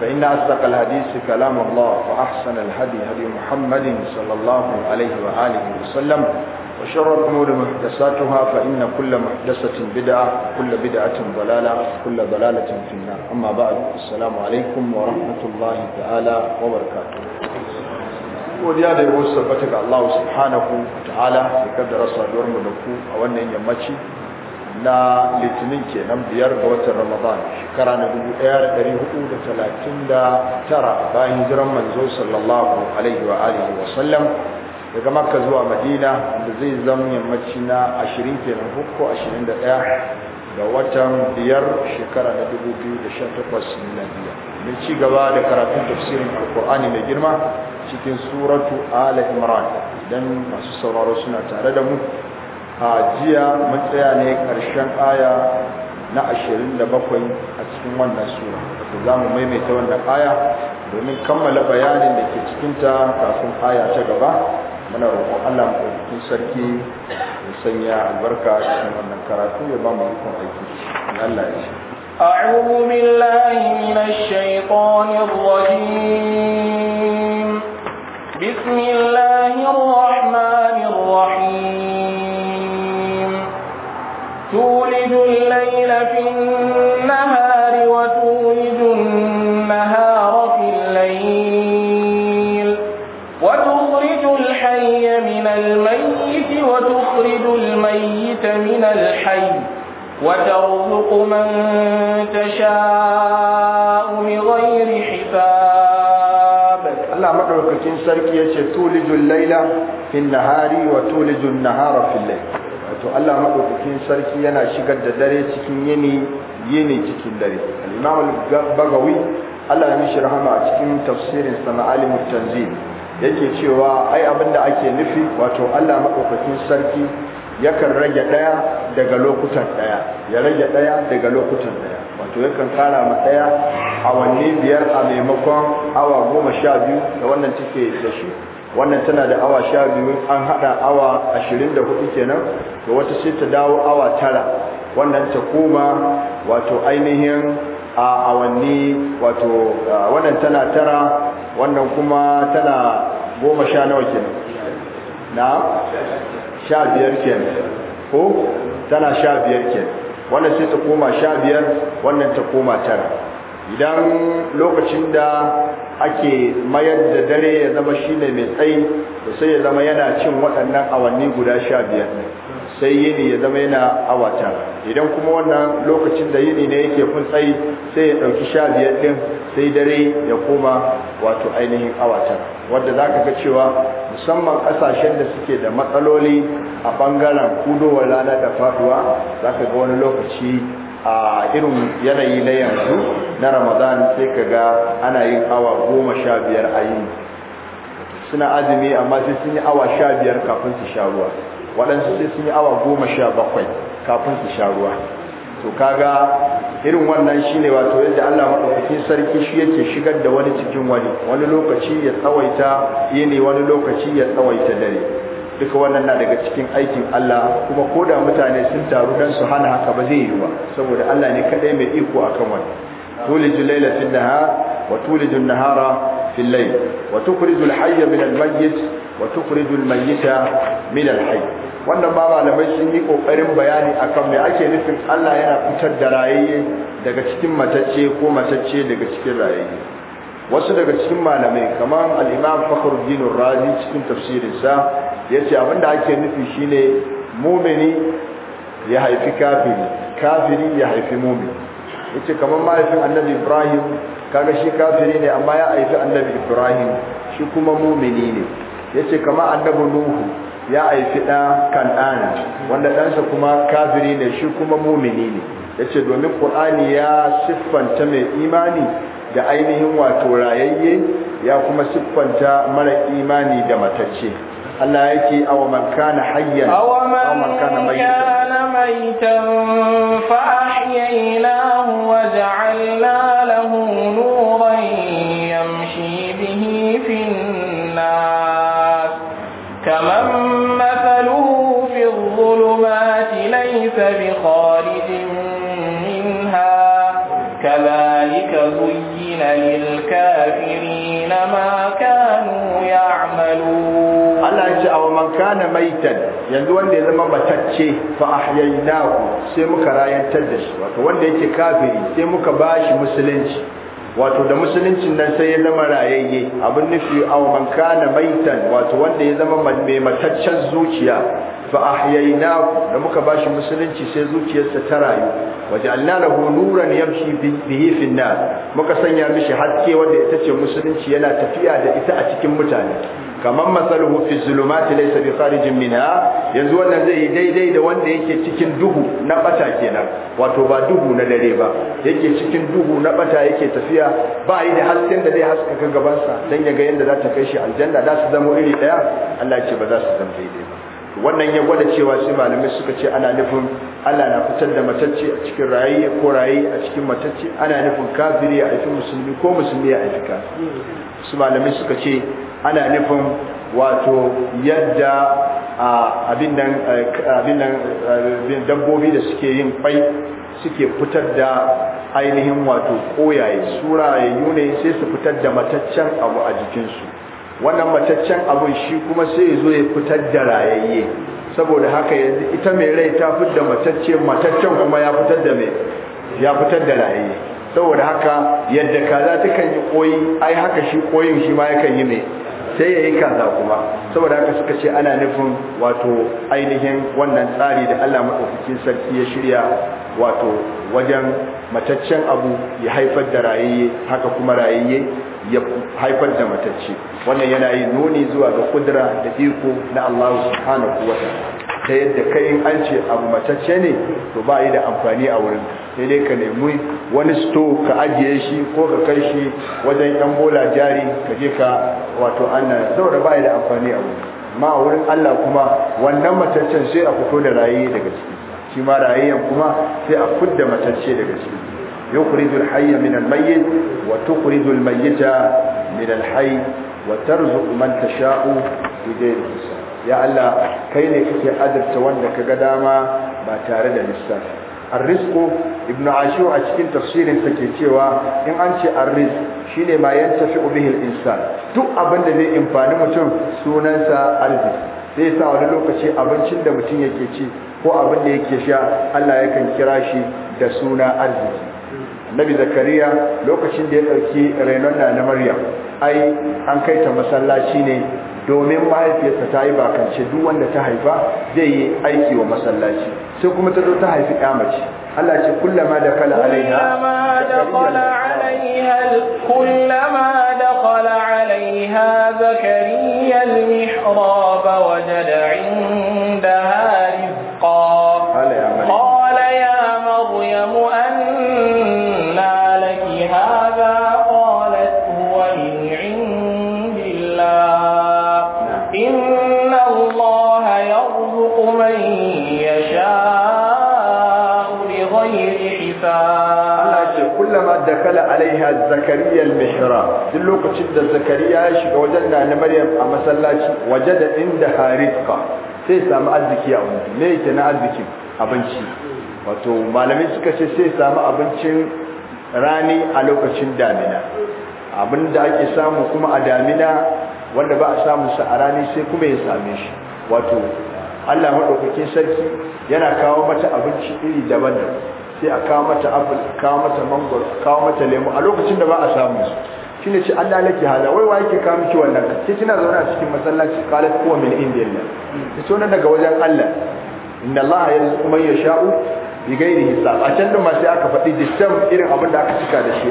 فإن أصدق الحديث كلام الله وأحسن الهدي هدي محمد صلى الله عليه وآله وسلم وشر الأمور محدثاتها فإن كل محدثة بدعة وكل بدعة ضلالة وكل ضلالة في النار أما بعد السلام عليكم ورحمة الله تعالى وبركاته godiya da yawon sabbata ga Allah subhanahu wa ta'ala da kaddara saduwar mu da ku a wannan yammaci na litinin kenan biyar ga watan ramadan shekara na dubu daya da dari hudu da talatin da tara bayan hijiran manzo sallallahu alaihi wa alihi wa sallam daga makka zuwa madina da zai zama yammaci na ashirin kenan hukko ashirin da ga watan biyar shekara na dubu biyu da sha takwas miladiya mun ci gaba da karatun tafsirin alkur'ani mai girma cikin suratu ala imran idan masu sauraro suna tare da mu a jiya mun tsaya ne ƙarshen aya na 27 a cikin wannan sura wato za mu maimaita wannan aya domin kammala bayanin da ke cikinta kafin aya ta gaba muna roƙon Allah maɗaukakin sarki ya sanya albarka a cikin wannan karatu ya ba mu ikon aiki Allah ya ce أعوذ بالله من الشيطان الرجيم بسم الله الرحمن تولد الليل في النهار وتولد النهار في الليل وتخرج الحي من الميت وتخرج الميت من الحي وترزق من تشاء بغير حساب الله مدعوكين سركي يتولد الليل في النهار وتولد النهار في الليل wato Allah madaukakin sarki yana shigar da dare cikin yini yini cikin dare al-imam al-bagawi Allah ya mishi rahama a cikin tafsirin sa na alim tanzil yake cewa ai abinda ake nufi wato Allah madaukakin sarki yakan rage daya daga lokutan daya ya rage daya daga lokutan daya wato yakan kara ma daya awanni biyar a maimakon awa goma sha biyu da wannan take da shi wannan tana da awa sha biyu an haɗa awa ashirin da hudu kenan to wata sai ta dawo awa tara wannan ta koma wato ainihin a awanni wato wannan tana tara wannan kuma tana goma sha nawa kenan na sha biyar kenan ko tana sha biyar kenan wannan sai ta koma sha biyar wannan ta koma tara idan lokacin da ake mayar da dare ya zama shi ne mai tsayi da sai ya zama yana cin waɗannan awanni guda sha biyar sai yini ya zama yana awata. idan kuma wannan lokacin da yini ne yake kun tsayi sai ya ɗauki sha biyar ɗin sai dare ya koma wato ainihin awata. wadda za ka ga cewa musamman ƙasashen da suke da matsaloli a ɓangaren kudowar rana da faɗuwa za ka ga wani lokaci a irin yanayi na yanzu na ramadan sai ka ga ana yin awa goma sha biyar a yi suna azumi amma sai sun yi awa sha biyar kafin su sha ruwa waɗansu sai sun yi awa goma sha bakwai kafin su sha ruwa to kaga irin wannan shine wato yadda Allah madaukakin sarki shi yake shigar da wani cikin wani wani lokaci ya tsawaita yini wani lokaci ya tsawaita dare duka wannan na daga cikin aikin Allah kuma ko da mutane sun taru dan su hana haka ba zai yi ba saboda Allah ne kadai mai iko akan wannan tuliju layla fil nahar wa tuliju an-nahara fil layl wa tukhriju al-hayya min al-mayyit wa tukhriju al-mayyita min al-hayy wannan ba malamai sun yi kokarin bayani akan me ake nufin Allah yana fitar da rayayye daga cikin matacce ko matacce daga cikin rayayye wasu daga cikin malamai kamar al'imam imam fakhruddin razi cikin tafsirinsa yace abinda ake nufi shine mumini ya haifi kafiri kafiri ya haifi mumini yace kamar mahaifin annabi ibrahim kaga shi kafiri ne amma ya haifi annabi ibrahim shi kuma mumini ne yace kamar annabi nuhu ya haifi da kan'ana wanda ɗansa kuma kafiri ne shi kuma mumini ne yace domin qur'ani ya siffanta mai imani da ainihin wato rayayye ya kuma siffanta mara imani da matacce Allah yake awa man kana hayyan awa man kana maitan fa ahyaynahu wa ja'alna lahu nuran ce a man kana maitan yanzu wanda ya zama matacce fa ahyaynahu sai muka rayantar da shi wato wanda yake kafiri sai muka bashi musulunci wato da musuluncin nan sai ya zama rayayye abin nufi a man kana maitan wato wanda ya zama mai mataccen zuciya fa ahyaynahu da muka bashi musulunci sai zuciyarsa ta rayu waje lahu nuran yamshi bihi fin muka sanya mishi haske wanda ita ce musulunci yana tafiya da ita a cikin mutane kamar masaluhu fi zulumati laysa bi kharijin minha yanzu wannan zai yi daidai da wanda yake cikin duhu na bata kenan wato ba duhu na dare ba yake cikin duhu na bata yake tafiya ba yi da hasken da zai haskaka gaban sa dan ya ga yanda za ta kai shi aljanna za su zama iri daya Allah ya ce ba za su zama daidai ba wannan ya gwada cewa sai malamai suka ce ana nufin Allah na fitar da matacce a cikin rayi ko rayi a cikin matacce ana nufin kafiri a cikin musulmi ko musulmi a cikin kafiri su malamai suka ce ana nufin wato yadda abinnan dabbobi da suke yin kwai suke fitar da ainihin wato koyaye surayayyu ne sai su fitar da mataccen abu a jikinsu wannan mataccen abun shi kuma sai ya zo ya fitar da rayayye saboda haka yanzu ita mai rai ta fitar da matacce mataccen kuma ya fitar da mai ya fitar da rayayye saboda haka yadda kaza takan yi koyi ai haka shi koyin shi ma yakan yi mai sai yayi kaza kuma saboda haka suka ce ana nufin wato ainihin wannan tsari da Allah madaukakin sarki ya shirya wato wajen mataccen abu ya haifar da rayayye haka kuma rayayye ya haifar da matacce wannan yana yi nuni zuwa ga kudura da iko na Allah subhanahu wa ta'ala ta yadda kai an ce abu matacce ne to ba a yi da amfani a wurin sai dai ka nemi wani sto ka ajiye shi ko ka kai shi wajen yan bola jari ka je ka wato ana saboda ba yi da amfani a wurin amma a wurin Allah kuma wannan mataccen sai a fito da raye daga ciki shi ma rayayyan kuma sai a fudda matacce daga ciki min tu الحي من min وتخرج الميت من الحي sha'u من تشاء da حساب ya Allah kai ne kake adabta wanda ka ga dama ba tare da lissafi arrizqu ibn ashur a cikin tafsirin sa ke cewa in an ce arris shine ma yantafi bihi al-insan duk abin da zai amfani mutum sunansa arziki sai sa wani lokaci abincin da mutum yake ci ko abin da yake sha Allah yakan kira shi da suna arziki Nabi Zakariya lokacin da ya dauki rainon na na Maryam ai an kaita masallaci ne domin mahaifiyarsa ta yi bakance duk wanda ta haifa zai yi aiki wa masallaci sai kuma ta zo ta haifi ya mace Allah ce kullama da kala alaiha kullama da kala alaiha zakariya al-mihrab zakariya al-mihrab duk lokacin da zakariya ya shiga wajen da na maryam a masallaci waje da inda harifka sai samu arziki a wurin me yake na arzikin abinci wato malamai suka ce sai samu abincin rani a lokacin damina abin da ake samu kuma a damina wanda ba a samu sa a rani sai kuma ya same shi wato Allah madaukakin sarki yana kawo mata abinci iri daban-daban sai a kawo mata apple a kawo mata mangoro a kawo mata lemu a lokacin da ba a samu su shine ce Allah laki hada wai wa yake kawo miki wannan sai kina zaune a cikin masallaci qalat huwa min indillah sai to daga wajen Allah inna Allah yarzuqu man yasha'u bi ghairi hisab a can din sai aka faɗi dissam irin abin da aka cika da shi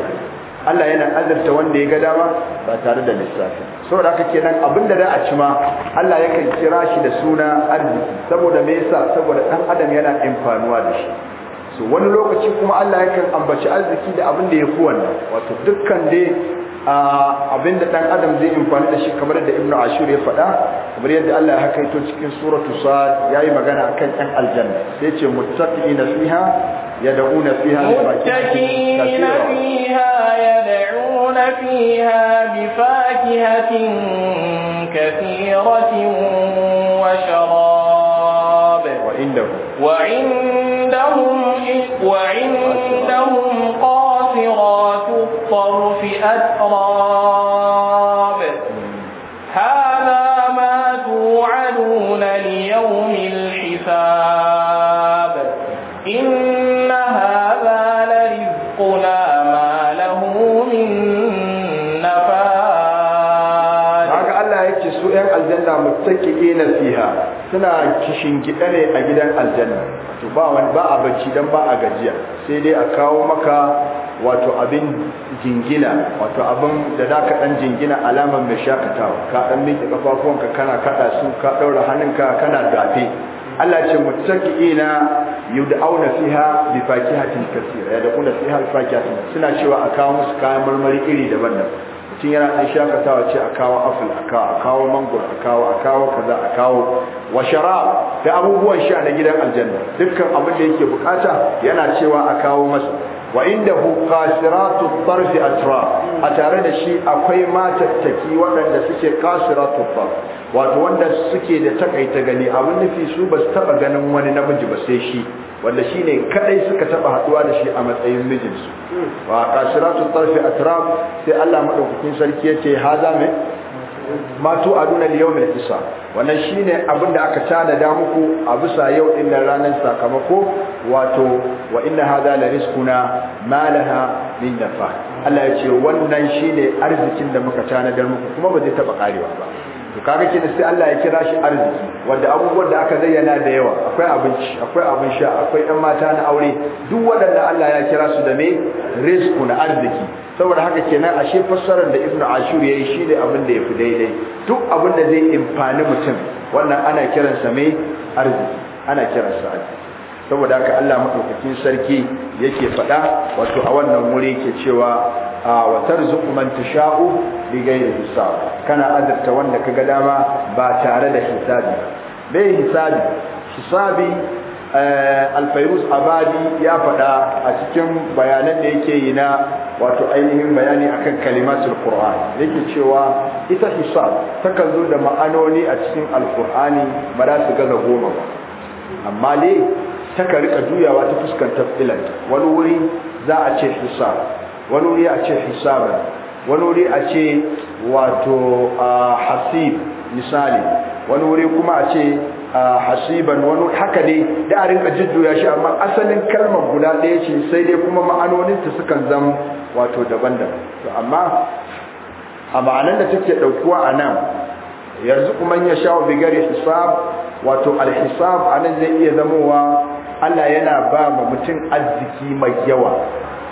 Allah yana azurta wanda ya ga dama ba tare da lissafi saboda haka kenan abin da a ci ma Allah yakan kira shi da suna arziki saboda me yasa saboda dan adam yana amfanuwa da shi so wani lokaci kuma Allah yakan ambaci arziki da abin da ya fi wannan wato dukkan dai abin da ɗan adam zai amfani da shi kamar yadda ibnu ashur ya faɗa kamar yadda Allah ya hakaito cikin suratu ya yayi magana akan yan aljanna sai ce muttaqina fiha yad'una fiha muttaqina fiha yad'una fiha bi fakihatin wa sharab wa indahu wa وعندهم قاصرات الطرف أتراب هذا ما توعدون ليوم الحساب إن هذا لرزقنا ما له من نفاذ هذا الله يتسوء الجنة متككين فيها سنة كشنك ألي أجدا الجنة to ba wani ba a bacci dan ba a gajiya sai dai a kawo maka wato abin jingina wato abin da za ka dan jingina alamar mai shakatawa ka dan miƙe kafafuwanka kana kada su ka daura hannunka kana dafe Allah ce muttaqiina yud'auna fiha bi fakihatin kaseera yad'una fiha bi fakihatin suna cewa a kawo musu kayan marmari iri daban-daban mutum yana dan shakatawa ce a kawo afal a kawo a kawo mangoro a kawo a kawo kaza a kawo wa sharab da abubuwan sha na gidan aljanna dukkan abin da yake bukata yana cewa a kawo masa wa indahu qasiratu tarfi atra a tare da shi akwai matattaki waɗanda suke qasiratu tarf wato wanda suke da takaita gani abin nufi su basu su taba ganin wani namiji ba sai shi wanda shine kadai suka taba haduwa da shi a matsayin mijinsu wa qasiratu tarfi atra sai Allah madaukakin sarki yace haza mai ma tu yau mai kisa wannan shine abin da aka tanada muku a bisa yau din nan ranar sakamako wato wa inna hadha la rizquna ma laha min nafa Allah ya ce wannan shine arzikin da muka tanadar muku kuma ba zai taba karewa ba to kaga kenan sai Allah ya kira shi arziki wanda abubuwan da aka zayyana da yawa akwai abinci akwai abin sha akwai ɗan mata na aure duk waɗanda Allah ya kira su da me rizqu na arziki saboda haka kenan ashe fassarar da Ibn Ashur yayi shi da abin da yafi daidai duk abin da zai imfani mutum wannan ana kiransa me arziki ana kiransa arziki saboda haka Allah madaukakin sarki yake faɗa wato a wannan wuri yake cewa wa tarzuq man tasha'u bi ghairi hisab kana azurta wanda kaga dama ba tare da hisabi bai hisabi hisabi eh, alfairus abadi ya faɗa a cikin bayanan da yake yi na wato ainihin bayani akan kalimatul qur'an yake cewa ita hisab takan zo da ma'anoni a cikin Alkur'ani ba za su gaza goma ba amma dai takan rika juyawa ta fuskantar ilan wani wuri za a ce hisab wani wuri a ce hisabar wani wuri a ce wato hasib misali wani wuri kuma a ce hasiban wani haka ne da a rinka jujjuya shi amma asalin kalmar guda ɗaya ce sai dai kuma ma'anoninta sukan zama wato daban-daban to amma a ma'anar da take ɗaukuwa a nan yanzu kuma ya sha wa bigari hisab wato alhisab a nan zai iya zamowa Allah yana ba ma mutum arziki mai yawa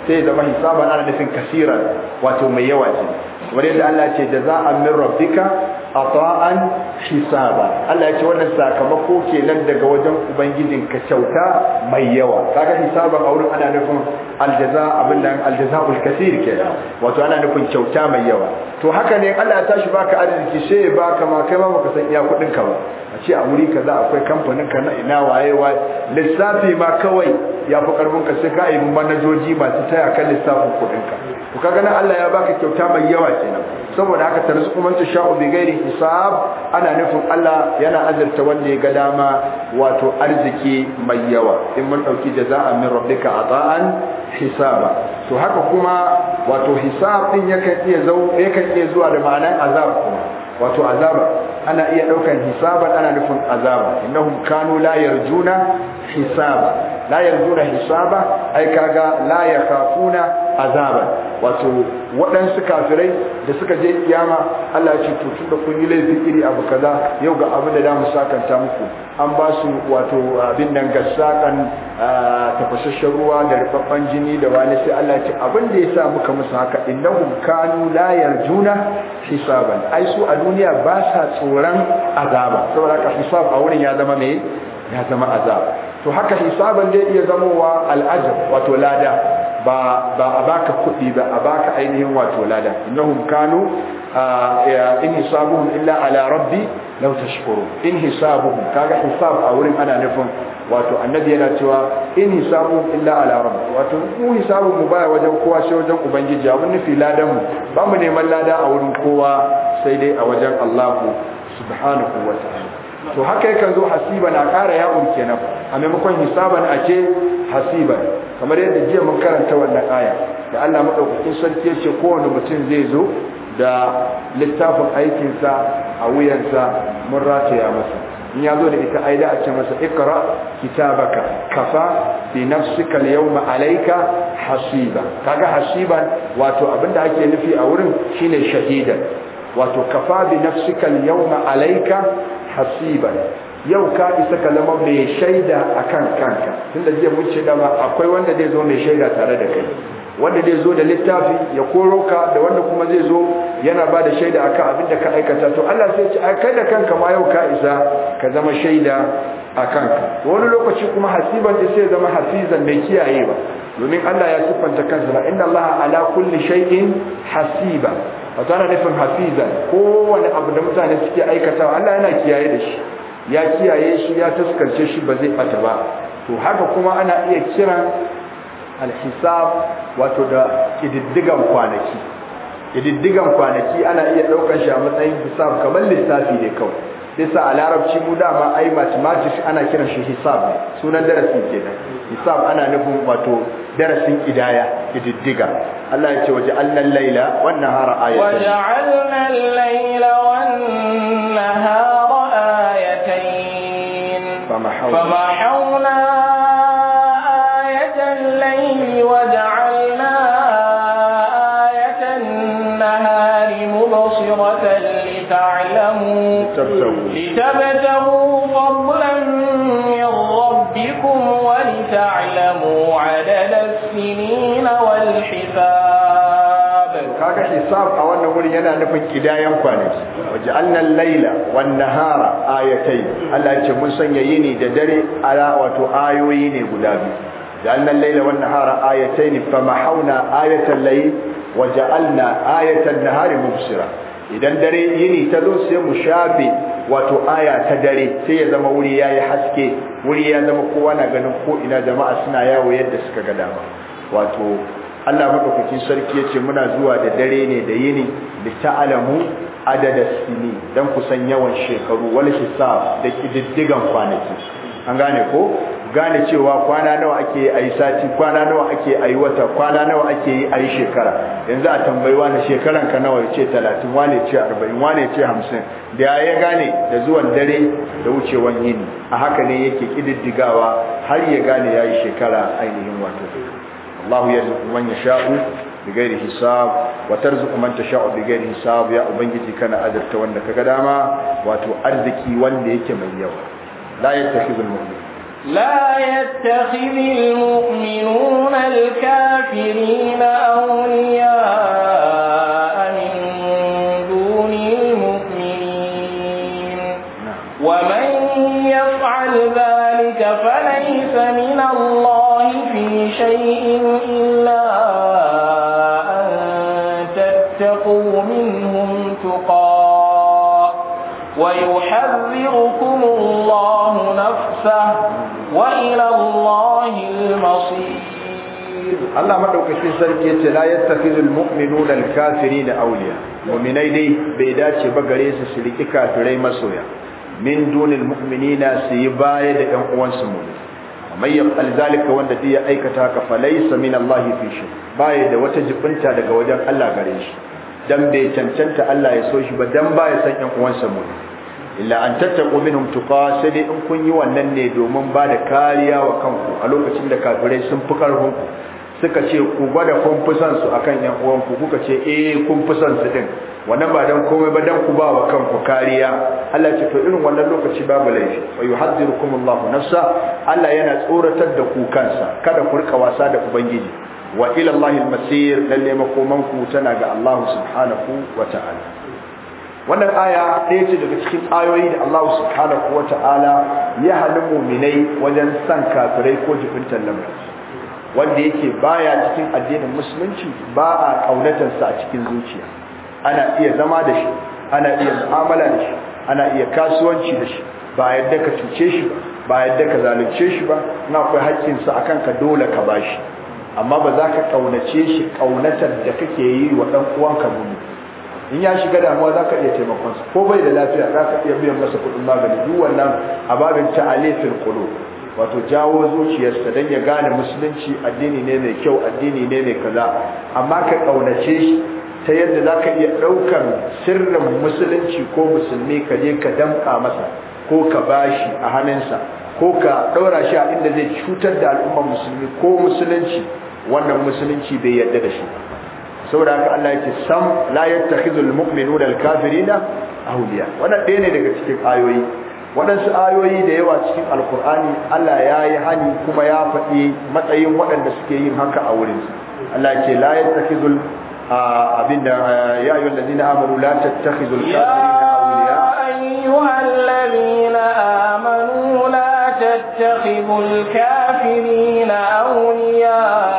sai zama hisaban ana kasira wato mai yawa ce kamar yadda Allah ya ce jaza'an min rabbika ata'an hisaba Allah ya ce wannan sakamako kenan daga wajen ubangijin ka kyauta mai yawa kaga hisaban a wurin ana nufin aljaza abin aljaza Alkasir kasir kenan wato ana nufin kyauta mai yawa to haka ne Allah ya tashi baka arziki sai baka ma kai ma baka san iya kudin ka ba Ace ce a wuri kaza akwai kamfanin ka na ina waye waye lissafi ma kawai ya fi karfin ka sai ka yi manajoji masu taya kan lissafin kuɗin ka to kaga nan Allah ya baka kyauta mai yawa kenan saboda haka tarzuqu man sha bi gairi, hisab ana nufin Allah yana azurta wanda ya ga dama wato arziki mai yawa in mun dauki jaza'a min rabbika ata'an hisaba to haka kuma wato hisab din yakan iya zo yakan iya zuwa da ma'anar azab kuma wato azaba ana iya daukan hisaban ana nufin azaba innahum kanu la yarjuna hisaba la yarjuna hisaba ai kaga la yakhafuna azaba wato waɗansu kafirai da suka je kiyama Allah ya ce to tunda kun yi laifi iri abu kaza yau ga abin da zamu sakanta muku an ba su wato abin nan gassakan ah, tafasasshen ruwa da rubabban jini da wani sai Allah ya ce abin da yasa muka musu haka innahum kanu la yarjuna hisaban ai su a duniya ba sa tsoron azaba saboda ka hisab a wurin ya zama me ya zama azaba to haka hisaban zai iya zamowa al'ajab wato lada ba ba a baka kuɗi ba a baka ainihin wato lada innahum kanu in hisabuhum illa ala rabbi law tashkuru in hisabuhum kaga hisab a wurin ana nufin wato annabi yana cewa in hisabuhum illa ala rabbi wato mu hisabu mu baya wajen kowa sai wajen ubangiji mun nufi ladan mu ba mu neman lada a wurin kowa sai dai a wajen Allah subhanahu wa ta'ala to haka yakan zo hasiban a ƙara yawon kenan a maimakon hisaban a ce hasiba kamar yadda jiya mun karanta wannan aya da Allah madaukakin sarki ya ce kowane mutum zai zo da littafin aikinsa a wuyansa mun rataya masa in ya zo da ita aida a ce masa ikra kitabaka kafa bi nafsika yawma alayka hasiba kaga hasiban wato abinda ake nufi a wurin shine shahida wato kafa bi nafsika alayka hasiban yau ka isa ka zama mai shaida akan kanka tunda jiya mun ce dama akwai wanda zai zo mai shaida tare da kai wanda zai zo da littafi ya koro ka da wanda kuma zai zo yana ba da shaida akan abin da ka aikata to Allah sai ce kai da kanka ma yau ka isa ka zama shaida a kanka wani lokaci kuma hasiban da sai zama hasizan mai kiyayewa domin Allah ya siffanta kansa inna Allah ala kulli shay'in hasiba a nufin hafiza kowane abu da mutane suke aikatawa Allah yana kiyaye da shi ya kiyaye shi ya taskarce shi ba zai bata ba to haka kuma ana iya kiran alhisab wato da kididdigan kwanaki kididdigan kwanaki ana iya ɗaukar shi a matsayin hisab kamar lissafi ne kawai bisa a larabci mu dama ai mathematics ana kiran shi hisab sunan darasi kenan hisab ana nufin wato darasin idaya ididdiga Allah ya ce waje annal laila wan nahara ayatan waje annal laila wan nahara ayatayn fama hawla ayatan layli waja'alna ayatan nahari mubsiratan lita'lamu litabtagu al-hisab a wannan wurin yana nufin kidayan kwanaki Waje al-laila wan nahara ayatayn Allah ya ce mun sanya yini da dare ala wato ayoyi ne guda biyu Da al-laila wan nahara ayatayn famahawna ayatal layl waja'alna ayatan nahari mubsira idan dare yini ta zo sai mu shafe wato aya ta dare sai ya zama wuri yayi haske wuri ya zama kowa na ganin ko ina jama'a suna yawo yadda suka ga dama wato Allah madaukakin sarki yace muna zuwa da dare ne da yini da ta'alamu adada sini dan kusan yawan shekaru wal hisab da kididdigan kwanaki an gane ko gane cewa kwana nawa ake ayi sati kwana nawa ake ayi wata kwana nawa ake yi ayi shekara yanzu a tambayi wani shekaran ka nawa ce 30 wani ce 40 wani ce 50 da ya gane da zuwan dare da wucewan yini a haka ne yake kididdigawa har ya gane yayi shekara ainihin wato الله يرزق من يشاء بغير حساب وترزق من تشاء بغير حساب يا أبنجتي كان أدرت وانك قداما واتو أرزكي وليك من يوى لا يتخذ المؤمنون لا يتخذ المؤمنون الكافرين أولياء نعم. فليس من الله في شيء ويحذركم الله نفسه وإلى الله المصير Allah madaukakin sarki yace la yattakhidul mu'minuna al-kafirina awliya mu'minai dai bai dace ba gare su su riki kafirai masoya min dunil mu'minina su yi baya da 'yan uwansu mu mai yafal zalika wanda duk ya aikata haka fa laysa min da wata jibinta daga wajen Allah gare shi dan bai cancanta Allah ya so shi ba dan baya san 'yan uwansa mu illa an tattaku minhum sai dai in kun yi wannan ne domin ba da kariya wa kanku a lokacin da kafirai sun fi karfin ku suka ce ku gwada kun fi son su akan yan uwan ku kuka ce eh kun fi su din wannan ba dan komai ba dan ku ba wa kanku kariya Allah ce to irin wannan lokaci babu laifi wa yuhaddirukum Allahu nafsa Allah yana tsoratar da ku kansa kada ku rika wasa da ubangiji wa ila Allahil masir lalle makomanku ku tana ga Allah subhanahu wa ta'ala wannan aya ɗaya ce daga cikin ayoyi da Allah subhanahu wa ta'ala ya halin muminai wajen san kafirai ko jibintar lamarin wanda yake baya cikin addinin musulunci ba a ƙaunatarsa a cikin zuciya ana iya zama da shi ana iya mu'amala da shi ana iya kasuwanci da shi ba yadda ka cuce shi ba yadda ka zalunce shi ba na akwai haƙƙinsa akan ka dole ka ba shi. amma ba za ka ƙaunace shi ƙaunatar da kake yi wa ɗan uwanka mumini in ya shiga damuwa za ka iya taimakon ko bai da lafiya ka iya biyan masa kudin magani duk wannan a babin ta alifin qulub wato jawo zuciyarsa don ya gane musulunci addini ne mai kyau addini ne mai kaza amma ka ƙaunace shi ta yadda za ka iya ɗaukar sirrin musulunci ko musulmi ka je ka damƙa masa ko ka bashi a hannunsa ko ka ɗaura shi a inda zai cutar da al'ummar musulmi ko musulunci wannan musulunci bai yarda da shi saboda haka Allah yake sam la yattakhizul mu'minuna al-kafirina awliya wannan ɗaya ne daga cikin ayoyi waɗansu ayoyi da yawa cikin alkur'ani Allah ya yi hani kuma ya faɗi matsayin waɗanda suke yin haka a wurin Allah yake la yattakhizul abinda ya ayyuhal zina amanu la tattakhizul kafirina awliya ayyuhal ladina amanu la tattakhizul kafirina awliya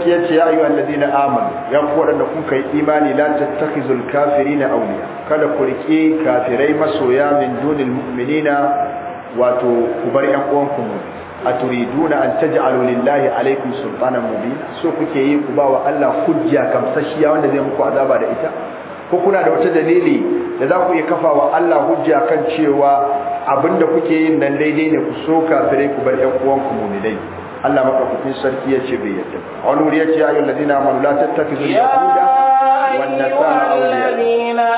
sarki ya ce ya ayyuhal ladina amanu ya ku wadanda kuka yi imani la tattakhizul kafirina awliya kada ku rike kafirai masoya min dunil mu'minina wato ku bar yan uwan ku aturiduna an taj'alu lillahi alaykum sultanan mubin so kuke yi ku bawa Allah hujja kamsashiya wanda zai muku azaba da ita ko kuna da wata dalili da za ku iya kafa wa Allah hujja kan cewa abinda kuke yin nan daidai ne ku so kafirai ku bar yan uwan ku mu'minai Allah madaukakin sarki ya ce bai yadda wani wuri ya ce ayyul ladina amanu la tattakizu yahuda wan nasara awliya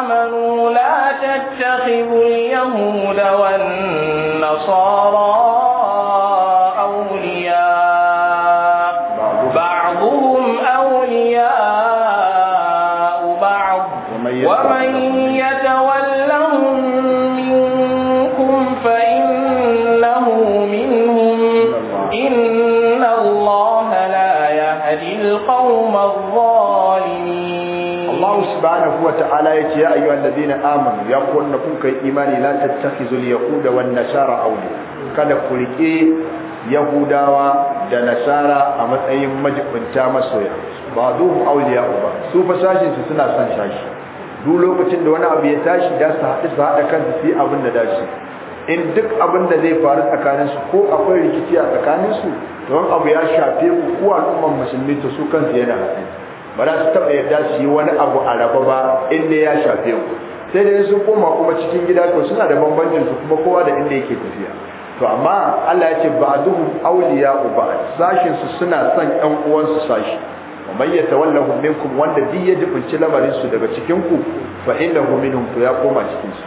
amanu la tattakhidhu al-yahuda wan nasara ta'ala ya ce ya ayyuhal ladina amanu ya kunna kun kai imani la tattakhizul yahuda wan nasara awliya kada ku rike yahudawa da nasara a matsayin majibinta masoya ba duhu awliya ba su fa sashin su suna san sashi duk lokacin da wani abu ya tashi da su haɗu su hada kansu su abin da dashi in duk abin da zai faru tsakanin su ko akwai rikici a tsakanin su don abu ya shafe ku ko al'umman musulmi to su kansu yana hadu ba za su taɓa yadda su yi wani abu a raba ba inda ya shafe ku sai dai sun koma kuma cikin gida ko suna da bambancin su kuma kowa da inda yake tafiya to amma Allah ya ce ba'duhum u ba sashin su suna son ɗan uwansu sashi wa man yatawallahu minkum wanda bi ya dubunci lamarin su daga cikin ku fa innahu minhum to ya koma cikin su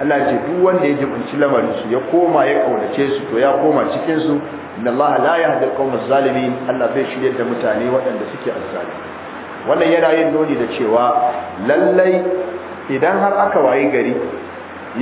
Allah ya ce duk wanda ya dubunci lamarin su ya koma ya kaunace su to ya koma cikin su inna Allah la yahdi al-qawma zalimin Allah bai shirye da mutane waɗanda suke azzalimi wannan yana yin nuni da cewa lallai idan har aka wayi gari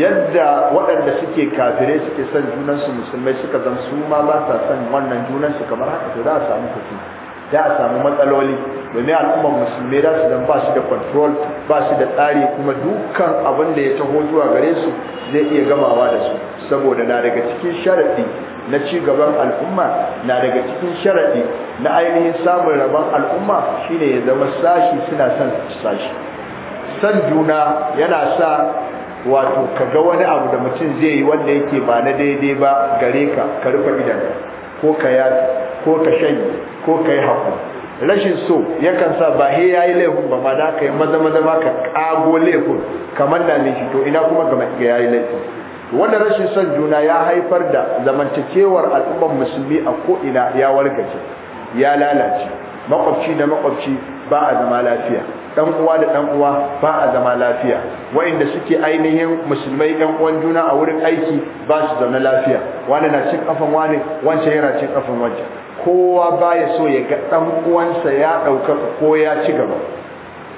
yadda waɗanda suke kafire suke son junansu musulmai suka zama su ma ba sa son wannan junansu kamar haka to za a samu fitina za a samu matsaloli domin al'ummar musulmai, za su dan ba su da control ba su da tsari kuma dukkan abin da ya taho zuwa gare su zai iya gamawa da su saboda na daga cikin sharaɗi na ci gaban al'umma na daga cikin sharaɗi na ainihin samun rabon al'umma shine ya zama sashi suna son sashi san juna yana sa wato ka ga wani abu da mutum zai yi wanda yake ba na daidai ba gare ka ka rufe idan ko ka ko ka shanye ko ka yi haƙuri rashin so yakan sa ba he ya yi laifin ba ma da ka yi maza maza ma ka ƙago laifin kamar na ne shi to ina kuma ga ya yi laifin wanda rashin son juna ya haifar da zamantakewar al'ummar musulmi a ko'ina ya warkace ya lalace makwabci da makwabci ba a zama lafiya dan uwa da dan uwa ba a zama lafiya wa'inda suke ainihin musulmai yan uwan juna a wurin aiki ba su zaune lafiya wani na cin kafan wani wancan yana cin kafan wancan kowa baya so ya ga dan uwansa ya ɗaukaka ko ya ci gaba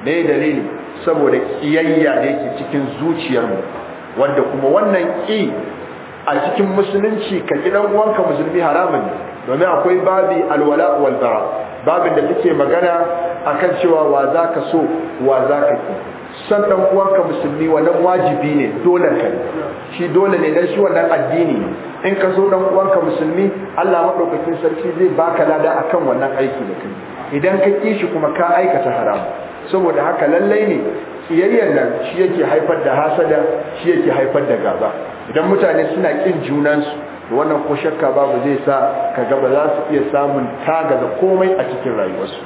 me dalili saboda kiyayya da yake cikin zuciyarmu wanda kuma wannan ƙi a cikin musulunci ka ki dan uwanka musulmi haramun domin akwai babi alwala wal bara babin da take magana akan cewa wa zaka so wa zaka ki san dan uwanka musulmi wannan wajibi ne dole kai shi dole ne dan shi wannan addini ne in ka so dan uwanka musulmi Allah madaukakin sarki zai baka lada akan wannan aiki da kai idan ka shi kuma ka aikata haram saboda haka lallai ne kiyayyar nan shi yake haifar da hasada shi yake haifar da gaba idan mutane suna kin junansu wannan ko shakka babu zai sa kaga ba za su iya samun tagaza komai a cikin rayuwarsu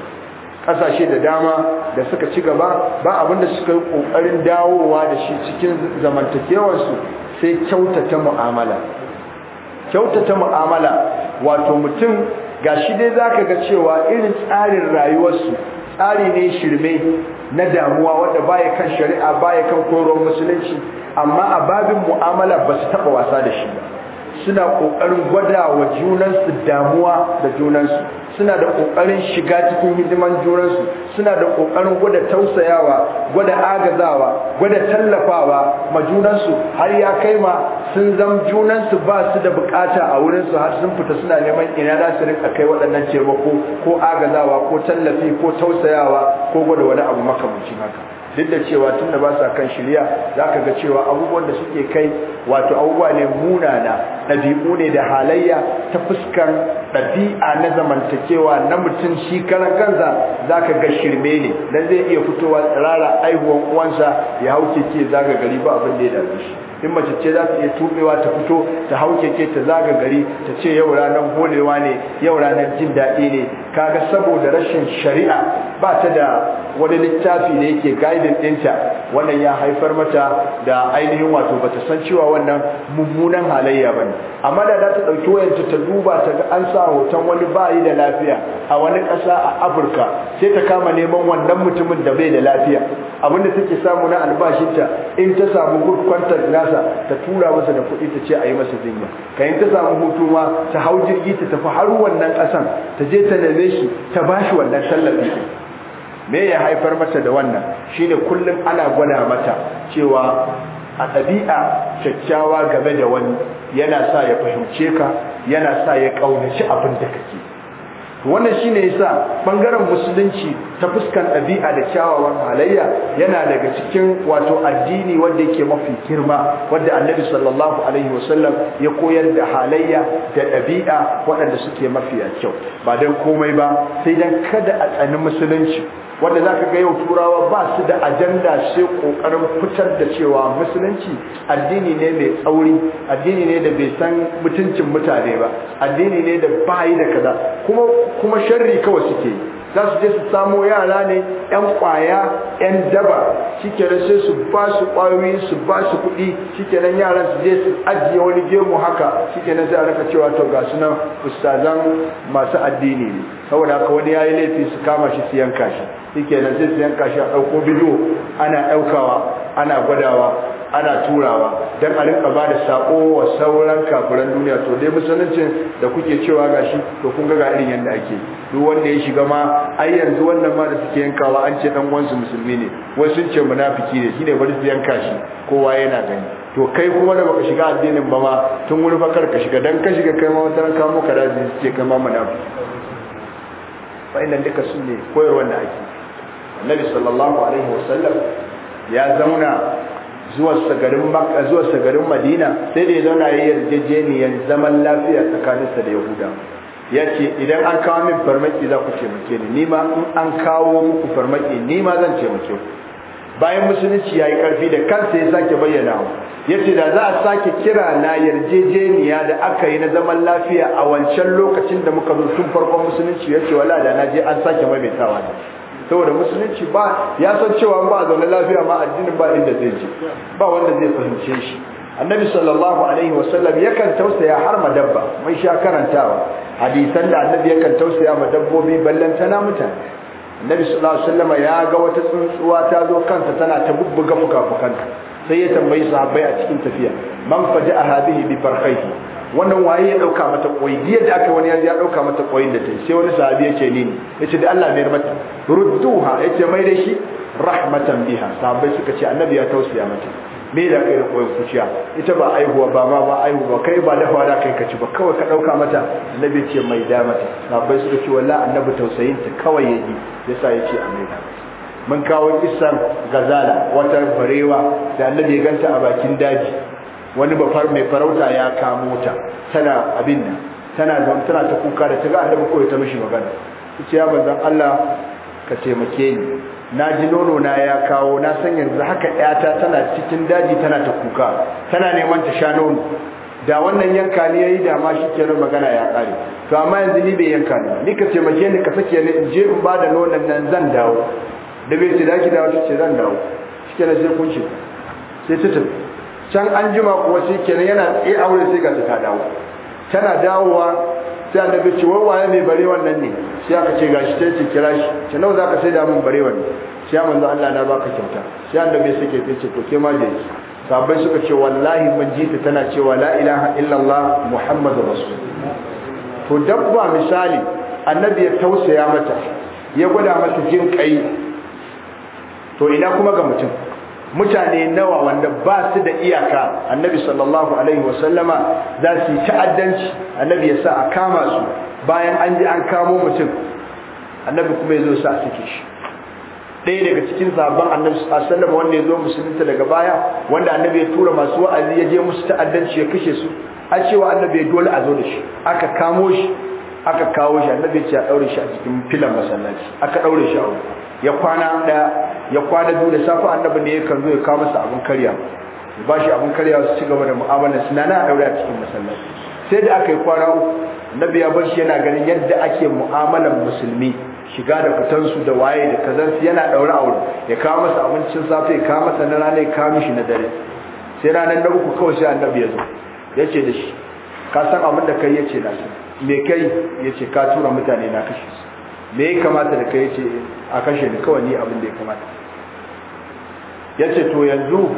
kasashe da dama da suka ci gaba ba abin da suka yi kokarin dawowa da shi cikin zamantakewarsu sai kyautata mu'amala kyautata mu'amala wato mutum gashi dai zaka ga cewa irin tsarin rayuwarsu tsari ne shirme na damuwa wanda baya kan shari'a baya kan koron musulunci amma a babin mu'amala ba su taba wasa da shi ba suna ƙoƙarin gwada wa junansu damuwa da junansu suna da ƙoƙarin shiga cikin hidiman junansu suna da ƙoƙarin gwada tausayawa gwada agazawa gwada tallafawa ma junansu har ya kai ma sun zam junansu ba su da bukata a wurinsu har sun fita suna neman ina za su rinka kai waɗannan taimako ko agazawa ko tallafi ko tausayawa ko gwada wani abu makamancin haka duk da cewa tun da ba sa kan shirya za ka ga cewa abubuwan da suke kai wato abubuwa ne munana ɗabi'u ne da halayya ta fuskar ɗabi'a na zamantakewa na mutum shi karan kansa za ka ga shirme ne don zai iya fitowa tsirara aihuwan uwansa ya hau keke za ka gari ba abin da ya dame shi in mace ce za ta iya tubewa ta fito ta hauke keke ta zaga gari ta ce yau ranar holewa ne yau ranar jin daɗi ne kaga saboda rashin shari'a ba ta da wani littafi da yake gaidin ɗinta wannan ya haifar mata da ainihin wato bata san cewa wannan mummunan halayya ba ne amma da za ta ɗauki wayanta ta duba ta ga an sa hoton wani bayi da lafiya a wani ƙasa a afirka sai ta kama neman wannan mutumin da bai da lafiya abinda take samu na albashinta in ta samu good nasa masa ta tura masa da kuɗi ta ce a yi masa jinya kayan ta samu hutu ma ta hau jirgi ta tafi har wannan ƙasan ta je ta neme shi ta ba shi wannan tallafi me ya haifar mata da wannan shine kullum ana gwada mata cewa a ɗabi'a kyakkyawa game da wani yana sa ya fahimce ka yana sa ya ƙaunaci abin da kake wannan shine yasa bangaren musulunci ta fuskan ɗabi'a da kyawawan halayya yana daga cikin wato addini wanda yake mafi girma wanda Annabi sallallahu alaihi wasallam ya koyar da halayya da ɗabi'a waɗanda suke mafi kyau ba dan komai ba sai dan kada a tsani musulunci wanda za ka ga yau turawa ba su da ajanda sai kokarin fitar da cewa musulunci addini ne mai tsauri addini ne da bai san mutuncin mutane ba addini ne da bayi da kaza kuma kuma sharri kawai suke za su je su samo yara ne yan kwaya yan daba shikenan sai su ba su kwayoyi su ba su kuɗi shikenan yaran su je su ajiye wani gemu haka shikenan sai a raka cewa to ga su nan ustazan masu addini ne saboda haka wani yayi laifi su kama shi su yanka shi shikenan sai su yanka shi a ɗauko bidiyo ana ɗaukawa ana gwadawa ana turawa don a rinka ba da saƙo wa sauran kafiran duniya to dai musuluncin da kuke cewa gashi to kun ga irin yadda ake duk wanda ya shiga ma ai yanzu wannan ma da suke yankawa an ce dan uwansu musulmi ne wai sun ce munafiki ne shine bari su yanka shi kowa yana gani to kai kuma da baka shiga addinin ba ma tun wuri fa kar ka shiga dan ka shiga kai ma wata ran ka muka da ce kai ma munafiki fa inda duka ne koyarwar da ake annabi sallallahu alaihi wasallam ya zauna zuwa garin madina sai da ya zauna ya yarjejeniyar zaman lafiya tsakaninsa da yahuda ya ce idan an kawo min farmaki za ku taimake ni nima in an kawo muku farmaki nima zan taimake ku bayan musulunci ya yi ƙarfi da kansa ya sake bayyana ya ce da za a sake kira na yarjejeniya da aka yi na zaman lafiya a wancan lokacin da muka zo tun farkon musulunci ya ce wala da na je an sake maimaitawa ne saboda musulunci ba ya san cewa ba zaune lafiya ma addinin ba inda zai je ba wanda zai fahimce shi annabi sallallahu alaihi wasallam yakan tausaya har ma dabba mai sha karantawa hadisan da annabi yakan tausaya ma dabbobi ballantana mutane annabi sallallahu alaihi wasallam ya ga wata tsuntsuwa ta zo kanta tana ta bubbuga fuka sai ya tambayi sahabbai a cikin tafiya man faja'a hadhihi bi farkaihi wannan waye ya dauka mata koyi biyar da aka wani yaji ya dauka mata koyin da yi. sai wani sahabi yace ni yace da Allah mai mata rudduha yace mai da shi rahmatan biha sahabbai suka ce annabi ya tausaya mata me da kai da koyin kuciya ita ba aihuwa ba ma ba aihuwa kai ba da fara kai ka ci ba kawai ka dauka mata annabi yace mai da mata sahabbai suka ce wallahi annabi tausayin ta kawai yaji yasa yace a mun kawo kissan gazala wata barewa da annabi ya ganta a bakin daji wani bafar mai farauta ya kamo ta tana abin nan tana tana ta kuka da ta ga annabi ta mishi magana ce ya manzon Allah ka taimake ni na ji nono na ya kawo na san yanzu haka yata tana cikin daji tana ta kuka tana neman ta sha nono da wannan yanka ne yayi da ma shi kenan magana ya kare to amma yanzu ni bai yanka ne ni ka taimake ni ka sake ni in je in ba da nonon nan zan dawo da bai ce daki dawo ce zan dawo shi kenan sai kun ce sai ta can an jima kuwa shi kenan yana tsaye a wurin sai ga ta dawo tana dawowa sai annabi ce wai waye mai barewan nan ne sai aka ce gashi sai ce kira shi ce nawa zaka sai da mun barewan sai manzo Allah na baka kyauta sai annabi suke ce to ke ma je sabai suka ce wallahi mun ji ta tana cewa la ilaha illallah muhammadur rasul to dabba misali annabi ya tausaya mata ya gwada mata jin kai to ina kuma ga mutum mutane nawa wanda ba su da iyaka annabi sallallahu alaihi wasallama za su yi ta'addanci annabi ya sa a kama su bayan an ji an kamo mutum annabi kuma ya zo sa a shi ɗaya daga cikin zaban, annabi sallallahu alaihi wanda ya zo musulunta daga baya wanda annabi ya tura masu wa'azi ya je musu ta'addanci ya kashe su a cewa annabi ya dole a zo da shi aka kamo shi aka kawo shi annabi ya ce a daure shi a cikin filan masallaci aka daure shi a wuri ya kwana da ya kwana biyu da safa annabi da yakan zo ya kawo masa abin kariya. ya bashi abin kariya su ci gaba da mu'amala suna na aure a cikin masallaci sai da aka yi kwana uku annabi ya bar shi yana ganin yadda ake mu'amalan musulmi shiga da su da waye da kazansu yana daure aure. ya kawo masa abincin safe ya kawo masa na rana ya kawo mishi na dare sai ranar na uku kawai sai annabi ya zo ya ce da shi ka san abin da kai ya ce na shi me kai ya ce ka tura mutane na kashe su me ya kamata da yi ce a kashe ni kawai ni abin da ya kamata ya ce to yanzu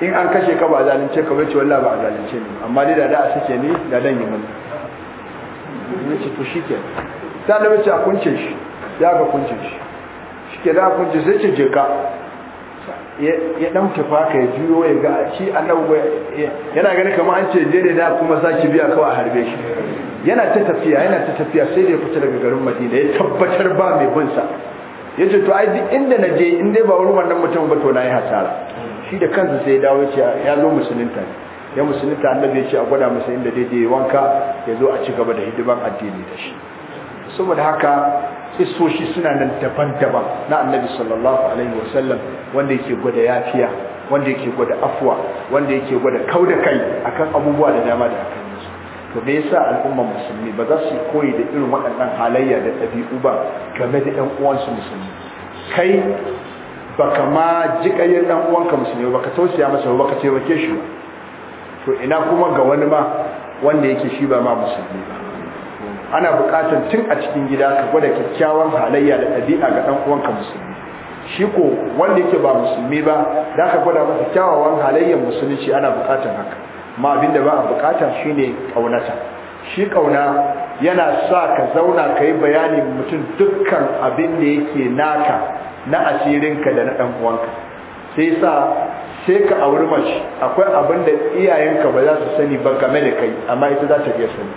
in an kashe ka ba a zalunce ka bai ce wallah ba a zalunce ne amma dai da da a suke ni da dan yi mana ya ce to shi ke ta da wace a kunce shi ya ka kunce shi shi ke da kunce sai ce je ya dan tafa ka ya juyo ya ga shi annabi yana ganin kamar an ce je da kuma saki biya kawai a harbe shi yana ta tafiya yana ta tafiya sai da ya fita daga garin Madina ya tabbatar ba mai bin sa yace to ai duk inda na je in ba wurin wannan mutum ba to nayi hasara shi da kansa sai ya dawo ce ya zo musulunta ya musulunta annabi ya ce a gwada masa inda dai dai wanka ya zo a ci gaba da hidiman addini da shi saboda haka isoshi suna nan daban-daban na annabi sallallahu alaihi wasallam wanda yake gwada yafiya wanda yake gwada afwa wanda yake gwada kauda kai akan abubuwa da dama da aka to me yasa al'ummar musulmi ba za su koyi da irin waɗannan halayya da ɗabi'u ba game da ɗan uwansu musulmi kai baka ma jiƙa yin ɗan uwanka musulmi baka tausaya masa ba baka taimake shi ba to ina kuma ga wani ma wanda yake shi ba ma musulmi ba ana buƙatar tun a cikin gida ka gwada kyakkyawan halayya da ɗabi'a ga ɗan uwanka musulmi shi ko wanda yake ba musulmi ba da ka gwada masa kyawawan halayyar musulunci ana buƙatar haka ma abinda ba a bukata shine kaunata shi kauna yana sa ka zauna ka yi bayani mutum dukkan abin da yake naka na asirinka da na ɗan uwanka sai sa sai ka auri mace akwai abin da iyayenka ba za su sani ba game da kai amma ita za ta iya sani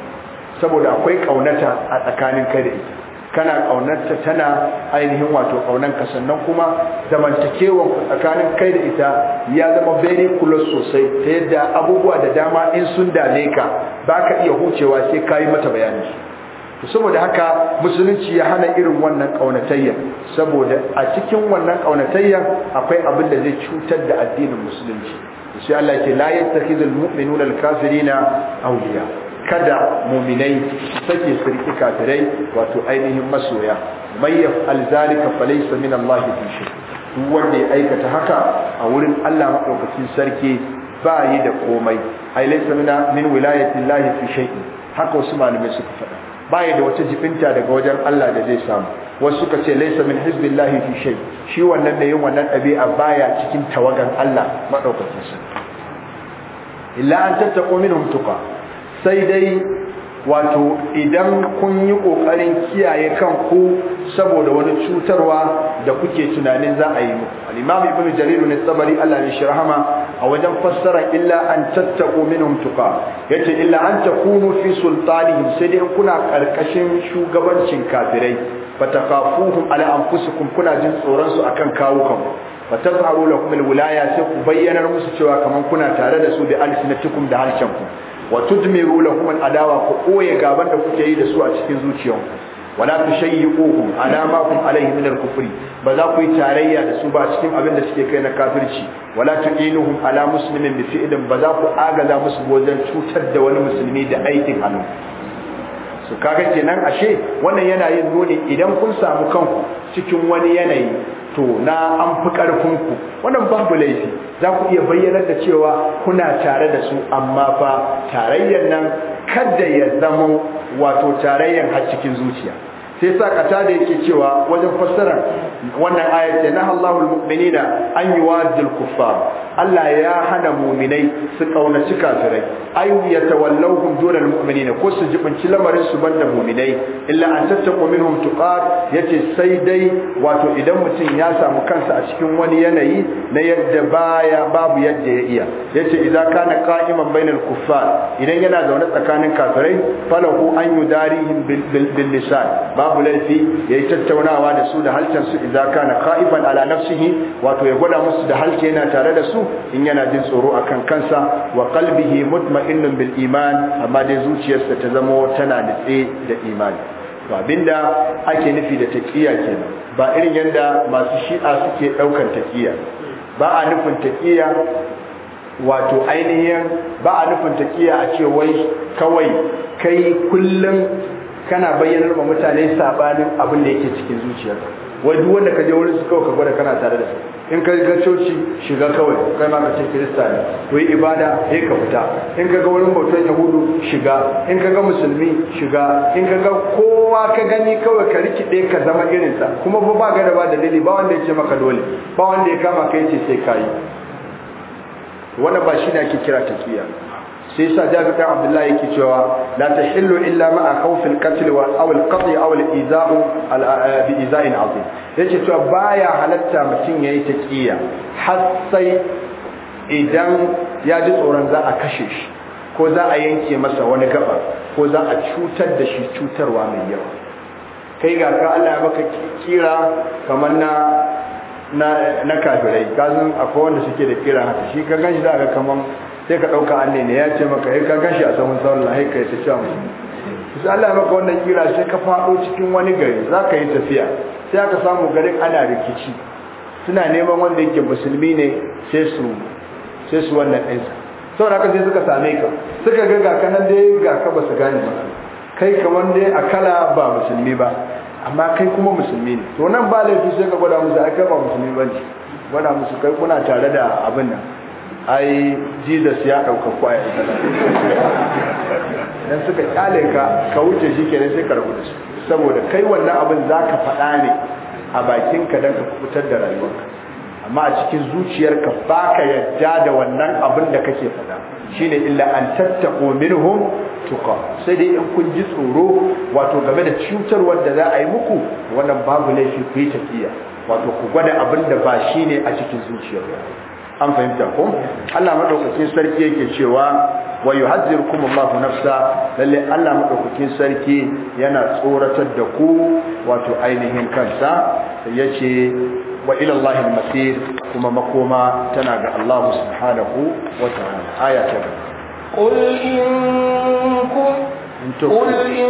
saboda akwai kaunata a tsakanin kai da ita kana ƙaunarta tana ainihin wato ka, sannan kuma zamantakewan tsakanin kai da ita ya zama very close sosai ta yadda abubuwa da dama in sun dame ka ba ka iya hucewa sai ka yi mata bayani saboda haka musulunci ya hana irin wannan kaunatayya saboda a cikin wannan kaunatayya akwai abin da zai cutar da addinin musulunci sai Allah ke la yattakhidul mu'minuna al-kafirina awliya kada muminai sake su riƙi kafirai wato ainihin masoya mai ya alzalika falaisa min Allah fi shi duk wanda ya aikata haka a wurin Allah madaukakin sarki ba yi da komai ai laysa min wilayati Allah fi shay'in haka wasu malamai suka faɗa ba yi da wata jibinta daga wajen Allah da zai samu wasu suka ce laysa min hizbillahi fi shay shi wannan da yin wannan ɗabi'a baya cikin tawagan Allah madaukakin sarki illa an tattaqu minhum tuqa sai dai wato idan kun yi ƙoƙarin kiyaye kanku saboda wani cutarwa da kuke tunanin za a yi mu al-imam ibnu jarir ne tsabari Allah ne shirahama a wajen fassara illa an tattaku minhum ya ce illa an takunu fi sultanihim sai dai kuna karkashin shugabancin kafirai fatakafuhum ala anfusikum kuna jin tsoron su akan kawukanku fatazharu lakum al-wilaya sai ku bayyanar musu cewa kamar kuna tare da su na alsinatikum da ku. wa tudmiru lahum adawa ku koye gaban da kuke yi da su a cikin zuciyarku. wala tushayyiquhum ala ma kun alaihi min al-kufri ba za ku yi tarayya da su ba cikin abin da suke kai na kafirci wala tu'inuhum ala muslimin bi fi'lin ba za ku agaza musu wajen cutar da wani musulmi da aikin hannu su kaga kenan ashe wannan yana yin nuni idan kun samu kanku cikin wani yanayi to na an fi ƙarfin ku wannan babu laifi za ku iya bayyanar da cewa kuna tare da su amma fa tarayyar nan kada ya zama wato tarayyar har cikin zuciya sai sa kata da yake cewa wajen fassara wannan ayat na Allahul mu'minina an yuwaddil kuffar Allah ya hana muminai su kaunaci kafirai ay yatawallawhum dunal mu'minina ko su jibinci lamarin su banda muminai illa an tattaqu minhum tuqat yace sai dai wato idan mutum ya samu kansa a cikin wani yanayi na yadda baya babu yadda ya iya yace idza kana qa'iman bainal kuffar idan yana zaune tsakanin kafirai falahu an yudarihim bil lisan babu laifi yayi tattaunawa da su da halcin su idza kana qa'iban ala nafsihi wato ya gwada musu da halce yana tare da su in yana jin tsoro a kan kansa wa kalbihi mutma'innun bil iman amma dai zuciyarsa ta zama tana nitse da imani to abinda ake nufi da taqiya kenan ba irin yanda masu shi'a suke ɗaukan taqiya ba a nufin taqiya wato ainihin ba a nufin taqiya a ce wai kawai kai kullum kana bayyanar wa mutane sabanin abin da yake cikin zuciyarka wai duk wanda ka je wurin su kawai ka gwada kana tare da su in ka ga coci shiga kawai kai ma ka ce kirista ne ku ibada sai ka fita in ka ga wurin bautan yahudu shiga in ka ga musulmi shiga in ka ga kowa ka gani kawai ka rikide ka zama irin sa kuma ba ga da ba dalili ba wanda ya ce maka dole ba wanda ya kama kai ce sai ka yi wannan ba shi ne ake kira takiya sai yasa jabi dan Abdullahi yake cewa la tahillu illa ma khawfil qatl wa aw al qati aw al iza'u al bi iza'in azim yace cewa baya halatta mutun yayi taqiya har sai idan ya ji tsoron za a kashe shi ko za a yanke masa wani gaba ko za a cutar da shi cutarwa mai yawa kai ga ka Allah ya maka kira kamar na na kafirai kazin akwai wanda suke da kira haka shi ka ganshi za ka kamar. sai ka ɗauka an ne ya ce maka ya ka gashi a saman sallah ya kai ta cewa sai Allah maka wannan kira sai ka faɗo cikin wani gari za ka yi tafiya sai aka samu garin ana rikici suna neman wanda yake musulmi ne sai su sai su wannan ɗinsa sau da sai suka same ka suka ga ga kanan dai ga ka ba su gane ba kai kamar dai a kala ba musulmi ba amma kai kuma musulmi ne to nan ba laifi sai ka gwada musu ai kai ba musulmi ba ne gwada musu kai kuna tare da abin nan ai jesus ya ɗauka kwaya dan suka kyale ka ka wuce shi kenan sai ka rabu da su saboda kai wannan abin za ka faɗa ne a bakinka don ka fitar da rayuwarka amma a cikin zuciyar ba ka yadda da wannan abin da kake faɗa shine illa an tattako minhum tuqa sai dai in kun ji tsoro wato game da cutarwar da za a yi muku wannan babu laifi ku yi tafiya wato ku gwada abin da ba shine a cikin zuciyar ba. an fahimta ko Allah madaukakin sarki yake cewa wa yuhadhdhirukum Allahu nafsa lalle Allah madaukakin sarki yana tsoratar da ku wato ainihin kansa yace wa ila al-masir kuma makoma tana ga Allah subhanahu wa ta'ala aya ta قل إن قل إن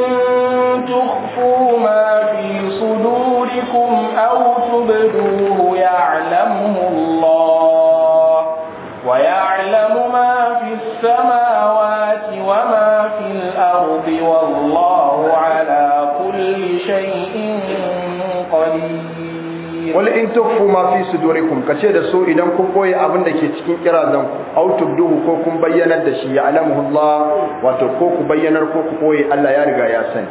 تخفوا ما في صدوركم أو تبدوه السماوات وما في الأرض والله على كل شيء قدير قل إن تخفوا ما في صدوركم كشيء سو إذا كن قوي أبن دكي تكين كرازم أو تبدوه كوكم بيانا دشي يعلمه الله وتكوك بيانا كوك قوي ألا يرجع يا سني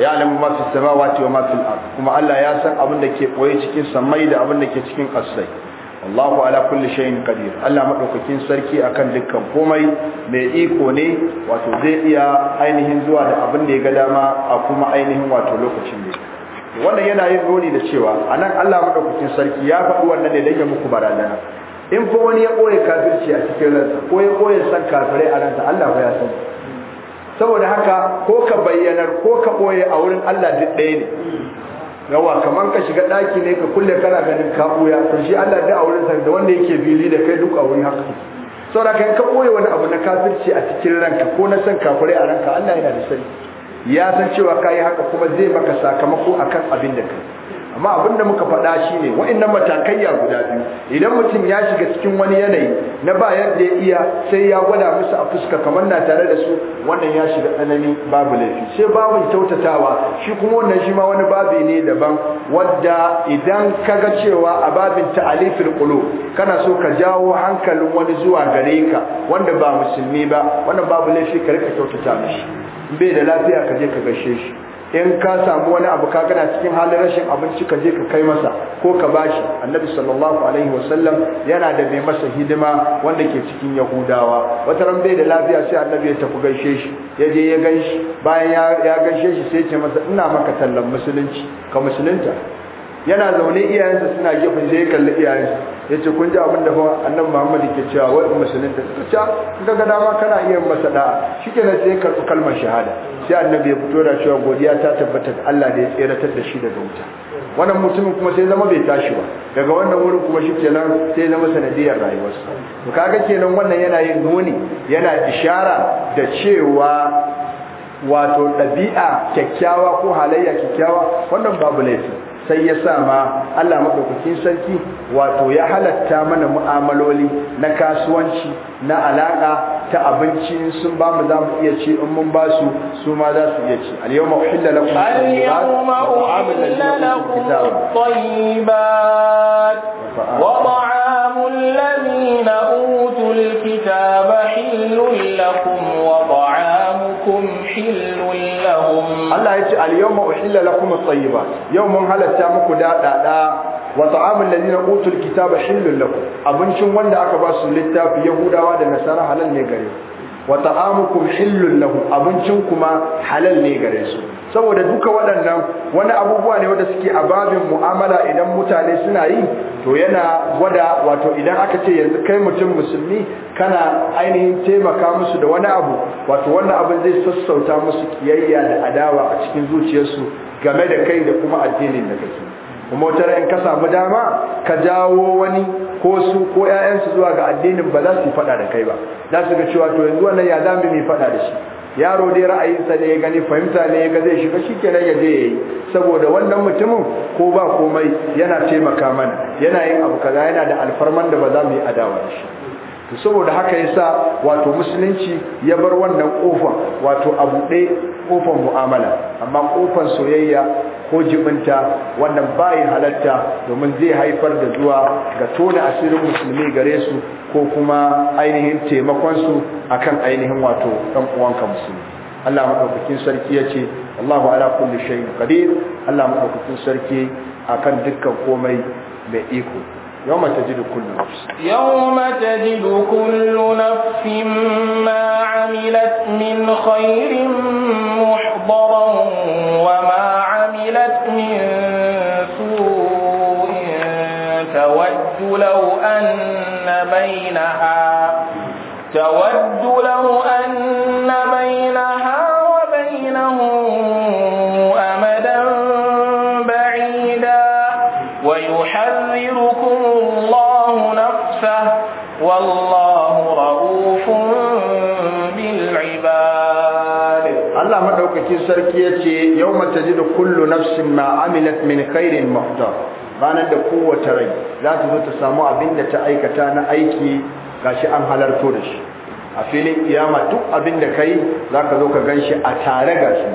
ya alamu ma fi samawati wa ma fil ard kuma Allah ya san abin da ke koye cikin samai da abin da ke cikin kasai Allahu ala kulli shay'in qadir Allah madaukakin sarki akan dukkan komai mai iko ne wato zai iya ainihin zuwa da abin da ya ga dama a kuma ainihin wato lokacin ne wannan yana yin roni da cewa anan Allah madaukakin sarki ya faɗi wannan ne dan ya muku barazana in ko wani ya koye kafirci a cikin ransa ko ya koye san kafirai a ransa Allah ba ya san saboda haka ko ka bayyanar ko ka koye a wurin Allah duk ɗaya ne yawa kamar ka shiga ɗaki ne ka kulle kana ganin ka ɓuya to shi Allah da a wurin sa da wanda yake fili da kai duk a wurin haka saboda kai ka ɓoye wani abu na kafirci a cikin ranka ko na san kafirai a ranka Allah yana da sani ya san cewa kai haka kuma zai maka sakamako akan abin da kai amma abin da muka faɗa shi ne wa'annan matakaiya guda biyu idan mutum ya shiga cikin wani yanayi na ba yadda ya iya sai ya gwada musu a fuska kamar na tare da su wannan ya shiga tsanani babu laifi sai babu kyautatawa shi kuma wannan shi ma wani babi ne daban wadda idan ka ga cewa a babin ta'alifil qulub kana so ka jawo hankalin wani zuwa gare ka wanda ba musulmi ba wannan babu laifi ka rika kyautata mishi bai da lafiya ka je ka gaishe shi in ka samu wani abu ka gana cikin halin rashin abinci ka je ka kai masa ko ka bashi annabi sallallahu alaihi wasallam yana da mai masa hidima wanda ke cikin yahudawa wata ran bai da lafiya sai annabi ya tafi gaishe shi ya je ya gaishe bayan ya gaishe shi sai ya ce masa ina maka tallan musulunci ka musulunta yana zaune iyayensa suna gefen sai ya kalli iyayensa ya ce kun ji abin da annan muhammadu ke cewa wai musulun da suka ca ga dama kana iya masa da'a shi ke na sai karɓi kalmar shahada sai annabi ya fito da cewa godiya ta tabbatar allah da ya tseratar da shi daga wuta wannan mutumin kuma sai zama bai tashi ba daga wannan wurin kuma shi nan sai zama sanadiyar rayuwarsa to kaga kenan wannan yana yin nuni yana ishara da cewa wato ɗabi'a kyakkyawa ko halayya kyakkyawa wannan babu laifi sai ya sa ma Allah maɗaukakin sarki wato ya halatta mana mu'amaloli na kasuwanci na alaƙa ta abinci sun ba mu za mu iya ci in mun ba su su ma za su iya ci al-yawma uhilla lakum at-tayyibat wa ta'amu alladhina utul kitaba hillun lakum wa ta'amukum Allah ya ce al yawma uhilla lakum at ba, yau mun halatta muku da wata wa ta'amul ladina utul kitaba hillul lakum abincin wanda aka ba su littafi yahudawa da nasara halal ne gare wa ta'amukum hillun lahu abincin kuma halal ne gare su saboda duka waɗannan wani abubuwa ne wanda suke a mu'amala idan mutane suna yi to yana gwada wato idan aka ce yanzu kai mutum musulmi kana ainihin taimaka musu da wani abu wato wannan abin zai sassauta musu kiyayya da adawa a cikin zuciyarsu game da kai da kuma addinin da kake kuma wata in ka samu dama ka jawo wani ko su ko ƴaƴansu zuwa ga addinin ba za su faɗa da kai ba za su ga cewa to yanzu wannan ya zambi mai faɗa da shi yaro dai ra'ayinsa ne ya gani fahimta ne ya ga zai shiga kenan ya je yayi saboda wannan mutumin ko ba komai yana taimaka mana yana yin abu kaza yana da alfarman da ba za mu yi adawa da shi to saboda haka yasa wato musulunci ya bar wannan kofa wato a buɗe kofan mu'amala amma ƙofan soyayya ko jibinta wannan bayin halatta domin zai haifar da zuwa ga tona asirin musulmi gare su ko kuma ainihin taimakonsu su akan ainihin wato ɗan uwanka musulmi Allah maɗaukakin sarki ya yace Allahu ala kulli shay'in qadir Allah maɗaukakin sarki akan dukkan komai mai iko يوم تجد كل نفس يوم تجد كل نفس ما عملت من خير محضرا وما tajidu kullu nafsin ma amilat min khairin ranar da kowace rai za ta zo ta samu abin da ta aikata na aiki gashi an halarto da shi a filin kiyama duk abin da kai za ka zo ka gan shi a tare gashi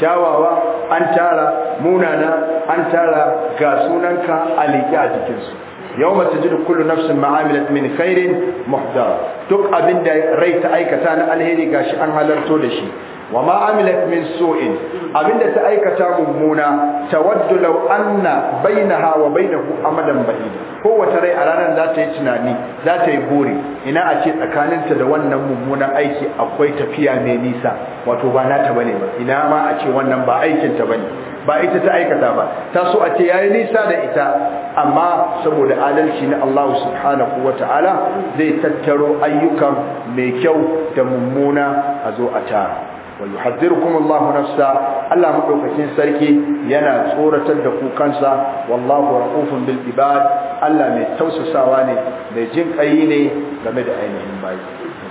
kyawawa an tara munana an tara ga sunanka a liƙe a jikinsu yau ji da kullu nafsin ma'amilat min khairin muhdar duk abin da rai ta aikata na alheri gashi an halarto da shi wa ma amilat min su'in abinda ta aikata mummuna tawaddu law anna bainaha wa bainahu amadan ba'id kowace rai a ranar za ta yi tunani za ta yi buri ina a ce tsakaninta da wannan mummunan aiki akwai tafiya mai nisa wato ba nata bane ba ina ma a ce wannan ba aikinta bane ba ita ta aikata ba ta so a ce yayi nisa da ita amma saboda adalci na Allah subhanahu wataala zai tattaro ayyukan mai kyau da mummuna a zo a tara wa yuhadhdhirukum Allah nafsa Allah madaukakin sarki yana tsoratar da kukansa, kansa wallahu ra'ufun bil ibad Allah mai tausasawa ne mai jin kai ne game da ainihin bayi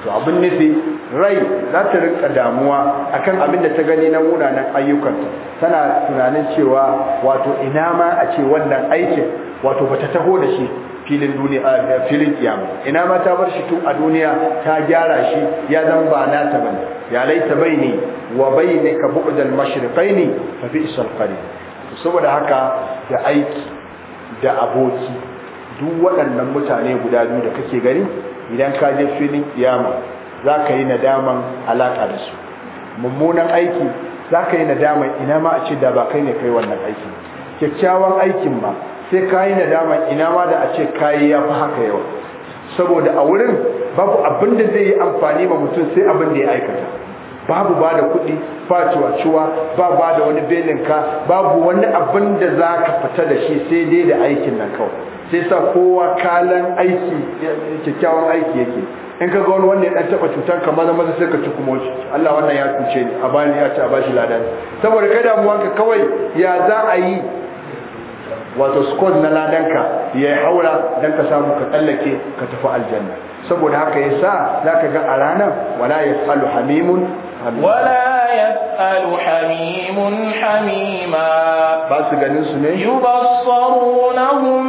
to abin nufi rai za ta rinka damuwa akan abin da ta gani na munanan ayyukanta tana tunanin cewa wato ina ma a ce wannan aikin wato bata taho da shi filin duniya filin kiyama ina ma ta bar shi tun a duniya ta gyara shi ya zan ba na ta bane ya laita baini wa baini ka bu'dal mashriqaini fa isal qarin saboda haka da aiki da aboki duk waɗannan mutane guda biyu da kake gani idan ka je filin kiyama za ka yi nadaman alaƙa da su mummunan aiki za ka yi nadaman ina ma a ce da ba kai ne kai wannan aiki kyakkyawan aikin ma sai kayi nadama ina ma da a ce kayi ya fi haka yawa saboda a wurin babu abin da zai yi amfani wa mutum sai abin da ya aikata babu ba da kuɗi ba ciwa ba ba da wani belinka babu wani abin da za ka fita da shi sai dai da aikin nan kawai sai sa kowa kalan aiki kyakkyawan aiki yake in ka ga wani wanda ya dan taba cutar ka na maza sai ka ci kuma shi Allah wannan ya cuce ni a bani ya ci a bashi ladan saboda kai damuwanka kawai ya za a yi wato score na ladanka ya haura dan ka samu ka tsallake ka tafi aljanna saboda haka ya za zaka ga a ranar wala ya tsalu hamimun ولا يسأل حميم حميما بس جنسوا ليه يبصرونهم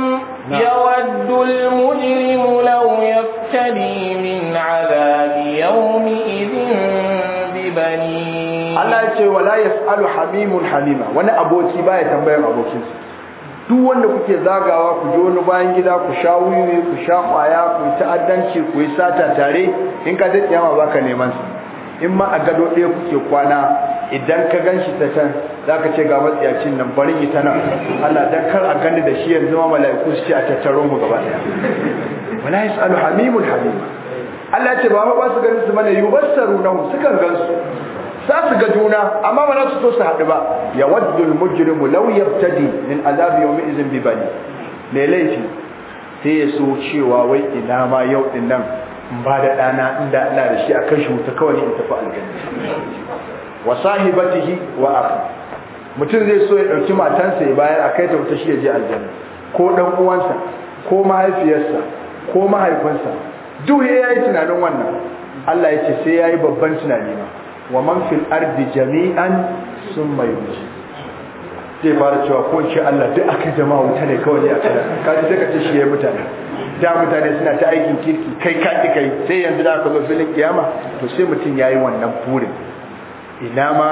نعم. يود المجرم لو يفتدي من عذاب يومئذ ببنيه Allah ya ce wala ya tsalu hamimun hamima wani aboki baya tambayar abokinsa duk wanda kuke zagawa ku je wani bayan gida ku sha wiwi ku sha kwaya ku yi ta'addanci ku yi sata tare in ka je ba baka neman su in ma a gado ɗaya kuke kwana idan ka gan shi ta can za ka ce ga matsiyacin nan bari yi ta nan Allah dan kar a gani da shi yanzu ma mala'iku su ce a tattaro mu gaba ɗaya wala yasalu hamimun hamima Allah ce ba ba su ganin su mana yubassaru nahu sukan gan su za su ga juna amma ba za su so su haɗu ba ya waddu al-mujrimu law yabtadi min azab yawmi izin bi bani me laifi sai ya so cewa wai ina ma yau din nan ba da dana inda ina da shi a shi wuta kawai in tafi aljanna wa sahibatihi wa akhi mutum zai so ya ɗauki matansa ya bayar a kai ta wuta shi ya je aljanna ko dan uwansa ko mahaifiyarsa ko mahaifinsa duk ya yi tunanin wannan Allah ya ce sai ya yi babban tunani ma wa man fil ardi jami'an summa yunji zai fara cewa ko ce Allah duk aka jama'a wuta ne kawai ne aka kaji daga ce shi ya mutane da mutane suna ta aikin kirki kai ka kai sai yanzu da aka zo filin kiyama to sai mutum yayi wannan burin ina ma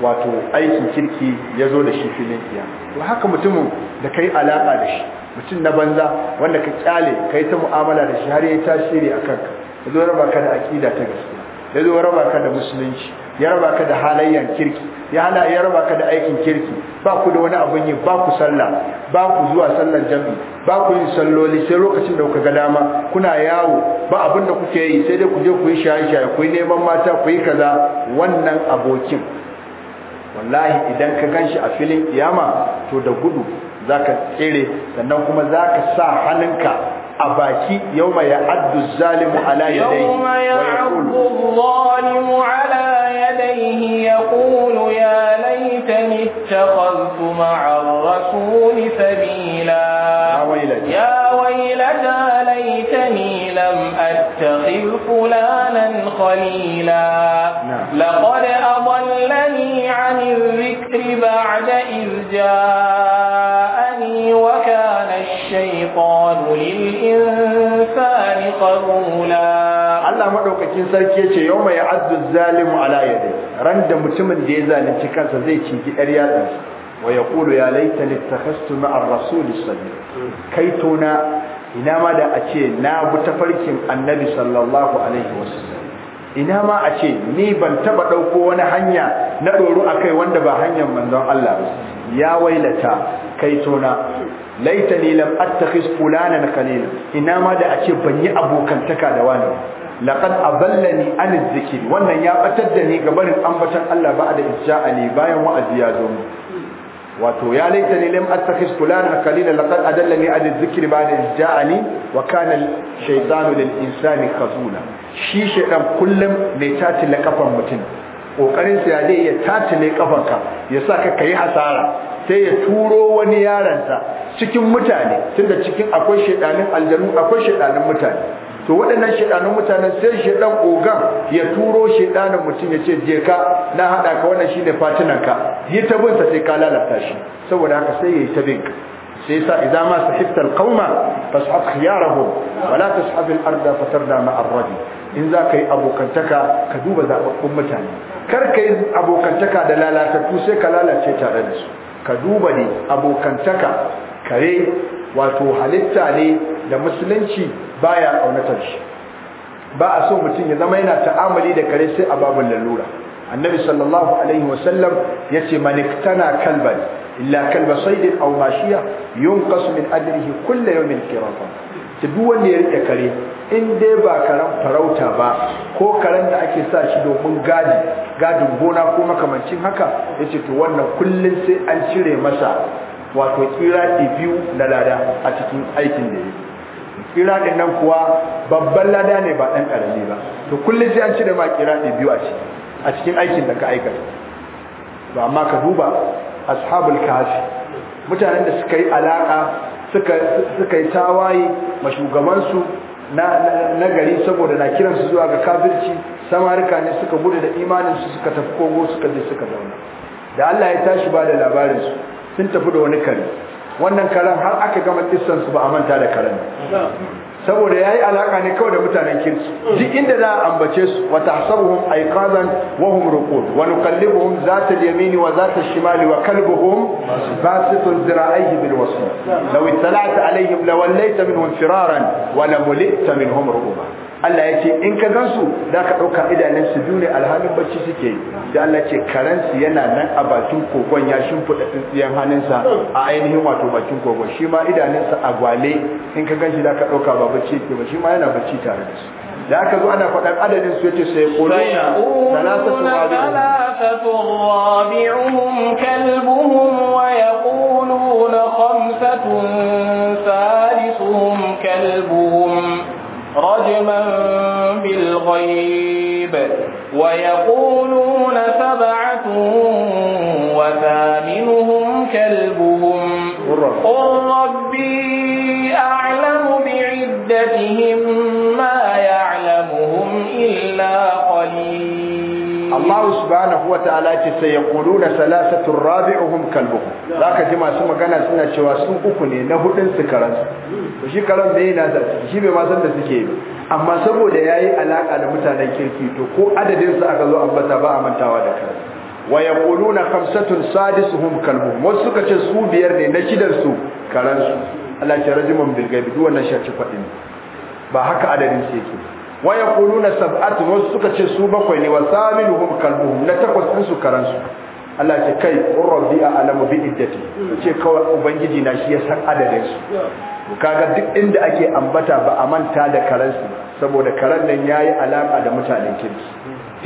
wato aikin kirki ya zo da shi filin kiyama to haka mutumin da kai alaka da shi mutum na banza wanda ka kyale yi ta mu'amala da shi har ya yi tasiri kanka, ka zo raba ka da akida ta gaske ya zo raba ka da musulunci ya raba ka da halayyan kirki ya hana ya raba ka da aikin kirki ba ku da wani abin yi ba ku sallah ba ku zuwa sallar jami ba ku yin salloli sai lokacin da kuka ga dama kuna yawo ba abin da kuke yi sai dai ku je ku yi shaye-shaye ku yi neman mata ku yi kaza wannan abokin wallahi idan ka ganshi a filin kiyama to da gudu zaka tsere sannan kuma zaka sa hannunka أباكي يوم يعد الظالم على يديه يوم يعد الظالم على يديه يقول يا ليتني اتخذت مع الرسول سبيلا يا ويلتى ليتني لم أتخذ فلانا خليلا لقد أضلني عن الذكر بعد إذ جاء قالوا للإنسان قرولا Allah madaukakin sarki yace yawma ya'addu zalimu ala yadi ran da mutumin da ya zalunci kansa zai ci cinki yar yatsa wa Kulu ya laitani ittakhadtu ma'a ar-rasul sabila kai tona ina ma da ce na bi tafarkin annabi sallallahu alaihi wasallam ina ma a ce ni ban taba dauko wani hanya na doro akai wanda ba hanyar manzon Allah ba ya wailata kai Laita laitani lam fulana na kalila. ina ma da a ce ban yi abokantaka da wani laqad aballani an zikiri wannan ya batar da ni gabarin ambatan Allah ba da ijja'ali bayan wa'azi ya zo wato ya laita laitani lam attakhiz fulanan khalila laqad adallani an zikiri ba da ijja'ali wa kana shaytanu lil insani khazula shi shaytan kullum mai tatilla kafan mutum Ƙoƙarin sa ya zai iya tatile kafanka ya sa ka kai hasara sai ya turo wani yaranta cikin mutane tunda cikin akwai shedanin aljanu akwai shedanin mutane to waɗannan shedanin mutanen sai shedan ogan ya turo shedanin mutum ya ce je ka na haɗa ka wannan shine fatinan ka yi ta binsa sai ka lalata shi saboda haka sai yayi ta bin sai yasa idza ma sahibta alqauma fashab khiyarahum wala tashab abin arda fatarda ma ar in za ka yi abokantaka ka duba zaɓaɓɓun mutane kar ka yi abokantaka da lalatattu sai ka lalace tare da su ka duba ne abokantaka kare wato halitta ne da musulunci baya ƙaunatar shi ba a so mutum ya zama yana ta'amali da kare sai a babin lalura annabi sallallahu alaihi wasallam ya ce maniktana kalban illa kalba saidin aw mashiya yunqas min ajrihi kullu yawmin qirafa duk wanda ya rike kare in dai ba karen farauta ba ko karen da ake sa shi domin gadi gadin gona ko makamancin haka yace to wannan kullun sai an cire masa wato kiradi biyu na lada a cikin aikin da yake kiradin nan kuwa babban lada ne ba dan karami ba to kullun sai an cire ma kiradi biyu a cikin aikin da ka aikata ba amma ka duba ashabul kashi mutanen da suka yi alaka suka suka yi tawaye mashugabansu na gari saboda na kiransu zuwa ga kafirci samarika ne suka gudu da imaninsu suka tafi kogo suka je suka zauna da Allah ya tashi ba da labarinsu sun tafi da wani kare wannan karen har aka gama su ba a manta da karen saboda yayi alaka ne kawai da mutanen kirki duk inda za a ambace su wa tahsabuhum ayqadan wa hum ruqud wa nuqallibuhum zat al-yamin wa zat al-shimal wa kalbuhum basit dhira'ayhi bil wasl law ittala'ta alayhim lawallayta minhum firaran wa lamulita minhum ruquba Allah ya ce in ka gansu za ka ɗauka idanun su dune ne alhalin bacci suke da Allah ce karansu yana nan a bakin kogon ya shimfiɗa tsintsiyan hannunsa a ainihin wato bakin kogon shi ma idanunsa a gwale in ka ganshi za ka ɗauka ba bacci ke ba shi ma yana bacci tare da su da aka zo ana faɗar adadin su yace sai quluna salatatu rabi'uhum kal عليهم ما يعلمهم إلا قليل الله سبحانه وتعالى سيقولون ثلاثة رابعهم كلبهم ذاك جمع سمع كان سنة شواسون أكني نهدن سكرس وشي كلام بينا ذات شي بما سنة سكيب amma saboda yayi alaka da mutanen kirki to ko adadin su aka zo ambata ba a mantawa da kai wa yaquluna khamsatun sadisuhum kalbuhum wasu suka ce su biyar ne na shidar su karan su Allah ya rajiman ci fadin ba haka adadin shi yake wa yaquluna sab'atun wasu suka ce su bakwai ne wa saminuhum kalbuhum na takwas din su karansu Allah ce kai qur a a'lamu bi iddati ce kawai ubangiji na shi ya san adadin su kaga duk inda ake ambata ba a manta da karansu saboda karan nan yayi alaka da mutanen kirki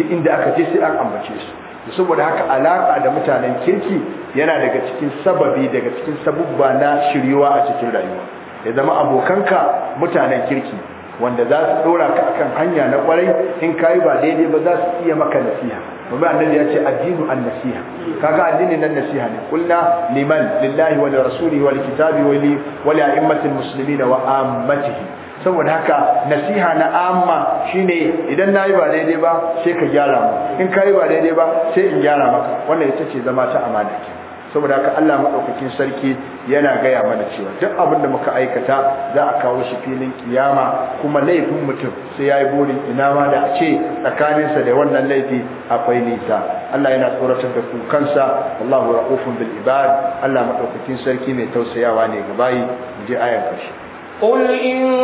duk inda aka ce sai an ambace su saboda haka alaka da mutanen kirki yana daga cikin sababi daga cikin sabubba na shiryuwa a cikin rayuwa ya zama abokanka mutanen kirki wanda za su dora ka kan hanya na kwarai in kai ba daidai ba za su iya maka nasiha babu annabi ya ce addinu an-nasiha kaga addinin nan nasiha ne kulna liman lillahi wa rasulihi wal kitabi wa li wa li a'immatil muslimin wa ammatihi saboda haka nasiha na amma shine idan nayi ba daidai ba sai ka gyara mu in kai ba daidai ba sai in gyara maka wannan ita ce zama ta amana saboda haka Allah madaukakin sarki yana gaya mana cewa duk abin da muka aikata za a kawo shi filin kiyama kuma laifin mutum sai yayi burin ina ma da a ce tsakaninsa da wannan laifi akwai nisa Allah yana tsoratar da ku kansa wallahu raufun bil ibad Allah madaukakin sarki mai tausayawa ne ga bayi je ayar karshe قل إن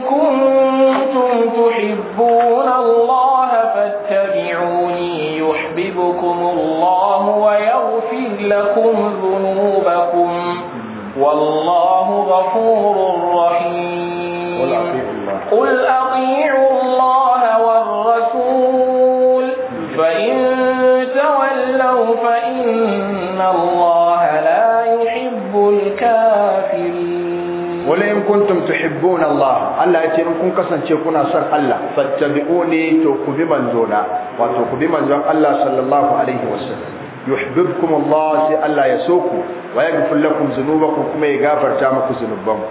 كنتم تحبون الله فاتبعوني يحببكم الله ويغفر لكم ذنوبكم والله غفور رحيم قل أطيعوا الله والرسول فإن تولوا فإن الله kuntum tuhibbuna Allah Allah ya ce in kun kasance kuna son Allah fattabi'uni to ku bi manzona wato ku bi manzon Allah sallallahu alaihi wasallam yuhibbukum Allah sai Allah ya so ku wa yaghfir lakum dhunubakum kuma ya gafarta muku zunubanku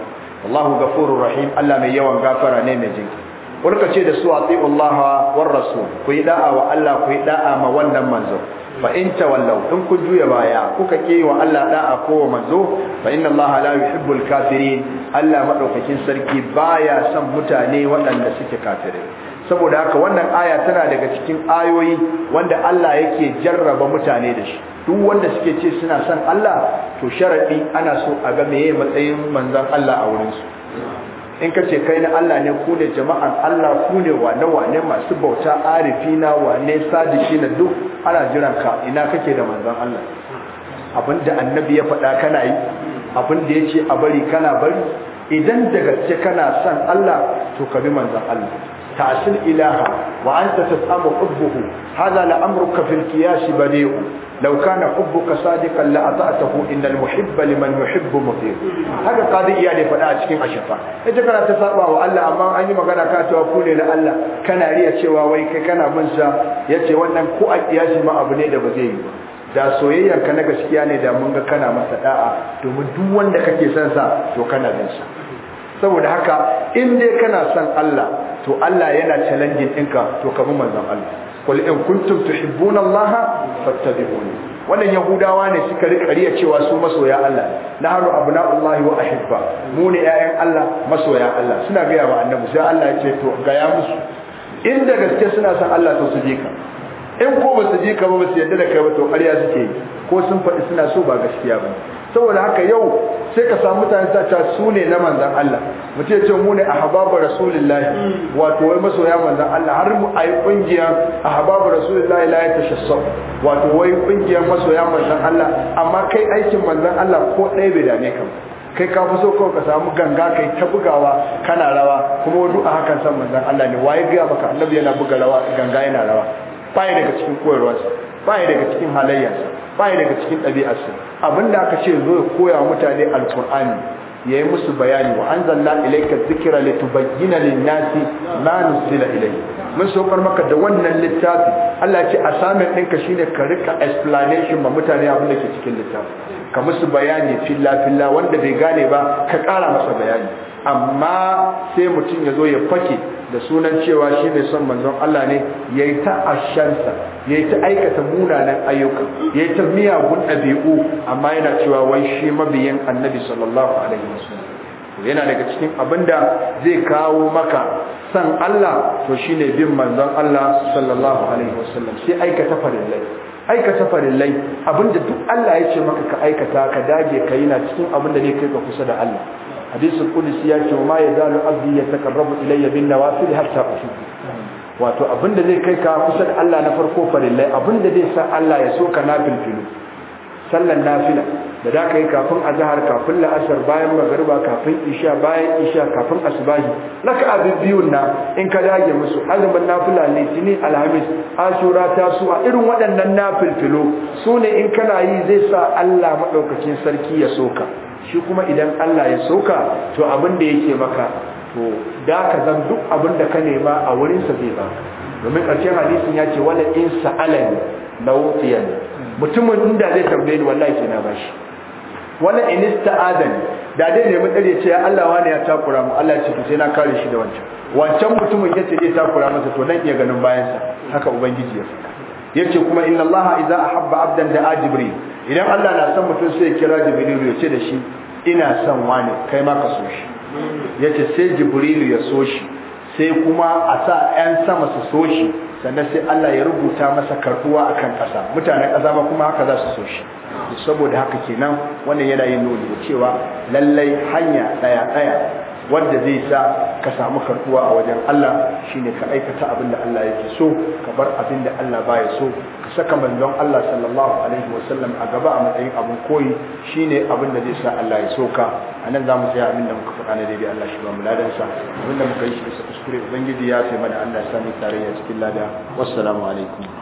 allahu ghafurur rahim Allah mai yawan gafara ne mai jinki warka ce da su a Allah war rasul ku yi da'a wa Allah ku yi da'a ma wannan manzo fa in in kun juya baya kuka ke wa Allah da'a ko wa manzo fa inna Allah la yuhibbul kafirin Allah madaukakin sarki baya son mutane waɗanda suke kafirai saboda haka wannan aya tana daga cikin ayoyi wanda Allah yake jarraba mutane da shi duk wanda suke ce suna son Allah to sharadi ana so a ga meye matsayin manzon Allah a wurin su in ka ce kai na Allah ne ku ne jama'an Allah ku ne wane wane masu bauta arifina wane sadiki na duk ana jiran ka ina kake da manzon Allah abinda annabi ya faɗa kana yi abinda ya ce a bari kana bari idan daga gaske kana son Allah to ka bi manzon Allah ta'sil ilaha wa anta tas'amu hubbuhu hadha la amruka fil qiyas badi'u Lauka law kana hubbuka sadiqan la ata'tahu innal muhibba liman yuhibbu mutir haka qadi iya ne faɗa a cikin ashafa ita kana ta saba wa Allah amma an yi magana ka cewa ku ne Allah kana riya cewa wai kai kana bin sa yace wannan ko a kiyashi ma abu ne da waje yi da soyayyar ka na gaskiya ne da mun ga kana masa da'a domin duk wanda kake son sa to kana bin saboda haka in dai kana son Allah to Allah yana challenging ɗinka to ka bi manzon Allah qul in kuntum tuhibbuna allaha fattabi'uni wannan yahudawa ne suka rikariya cewa su masoya Allah Na na Allah wa ahibba mu ne ƴaƴan Allah masoya Allah suna ga yawa annabi sai Allah ya ce to ga ya musu inda gaske suna san Allah to su je ka in ko ba su je ka ba ba su yarda da kai ba to ƙarya suke ko sun faɗi suna so ba gaskiya ba saboda haka yau sai ka samu mutane sa ta su ne na manzan Allah mutum ya ce mu ne a hababar rasulullahi wato wai masoya manzan Allah har mu a ayi kungiya hababar rasulullahi la yatashassab wato wai kungiya masoya manzan Allah amma kai aikin manzan Allah ko ɗaya bai dame ka kai ka fi so kawai ka samu ganga kai ta bugawa kana rawa kuma wadu a hakan san manzan Allah ne waye gaya maka annabi yana buga rawa ganga yana rawa yi daga cikin koyarwarsa yi daga cikin halayyarsa bai daga cikin ɗabi'arsu abinda aka ce zo ya koya mutane alkur'ani ya musu bayani wa anzalna ilayka dhikra litubayyana lin-nasi ma nusila ilayhi mun saukar maka da wannan littafi Allah ce samin ɗinka shine ka rika explanation ma mutane abin da ke cikin littafi ka musu bayani filla filla wanda bai gane ba ka kara masa bayani amma sai mutum ya zo ya fake da sunan cewa shi ne son manzon Allah ne ya yi ta ashansa ya yi ta aikata munanan ayyuka ya yi ta miyagun ɗabi'u amma yana cewa wai shi mabiyin annabi sallallahu alaihi wasallam yana daga cikin abinda zai kawo maka san Allah to shi ne bin manzon Allah sallallahu alaihi wasallam sai aikata farillai aikata farillai abinda duk Allah ya ce maka ka aikata ka dage ka yi na cikin abinda ne kai ka kusa da Allah hadisul qudsi ya ce ma yazalu abdi yataqarrabu ilayya bin nawafil hatta uhibbu wato abinda zai kai ka kusa da Allah na farko farillai abinda zai sa Allah ya soka nafil filu sallan nafila da za ka yi kafin a azahar kafin la'asar bayan magarba kafin isha bayan isha kafin na ka abin biyun na in ka dage musu azumin nafila litinin alhamis asura ta su a irin waɗannan nafilfilo su ne in kana yi zai sa allah maɗaukacin sarki ya soka shi kuma idan allah ya soka to abin da yake maka to da ka zan duk abin da ka nema a wurinsa zai ba domin ƙarshen hadisin ya ce wala in sa'alani na mutumin inda zai tambaye ni wallahi ke na bashi wannan inista adani da dai nemi tsare ce Allah wani ya takura mu Allah ya ce sai na kare shi da wancan wancan mutumin yace zai takura masa to dan iya ganin bayansa haka ubangiji ya faɗa yace kuma inna Allah idza ahabba abdan da jibril idan Allah na son mutum sai ya kira jibril ya ce da shi ina son wani kai ma ka so shi yace sai jibril ya so shi sai kuma a sa ƴan sama su so shi sannan sai Allah ya rubuta masa a kan ƙasa mutanen ƙasa ba kuma haka za su so shi saboda haka kenan wannan yana yin nuni cewa lallai hanya ɗaya ɗaya wanda zai sa ka samu karbuwa a wajen Allah shine ka aikata abin da Allah yake so ka bar abin da Allah baya so ka saka manzon Allah sallallahu alaihi wasallam a gaba a matsayin abin koyi shine abin da zai sa Allah ya so ka anan zamu tsaya abin da muka faɗa na daidai Allah shi ba mu ladan sa abin da muka yi shi sa kuskure ubangiji ya sai mana Allah ya sani tarayya cikin lada wassalamu alaikum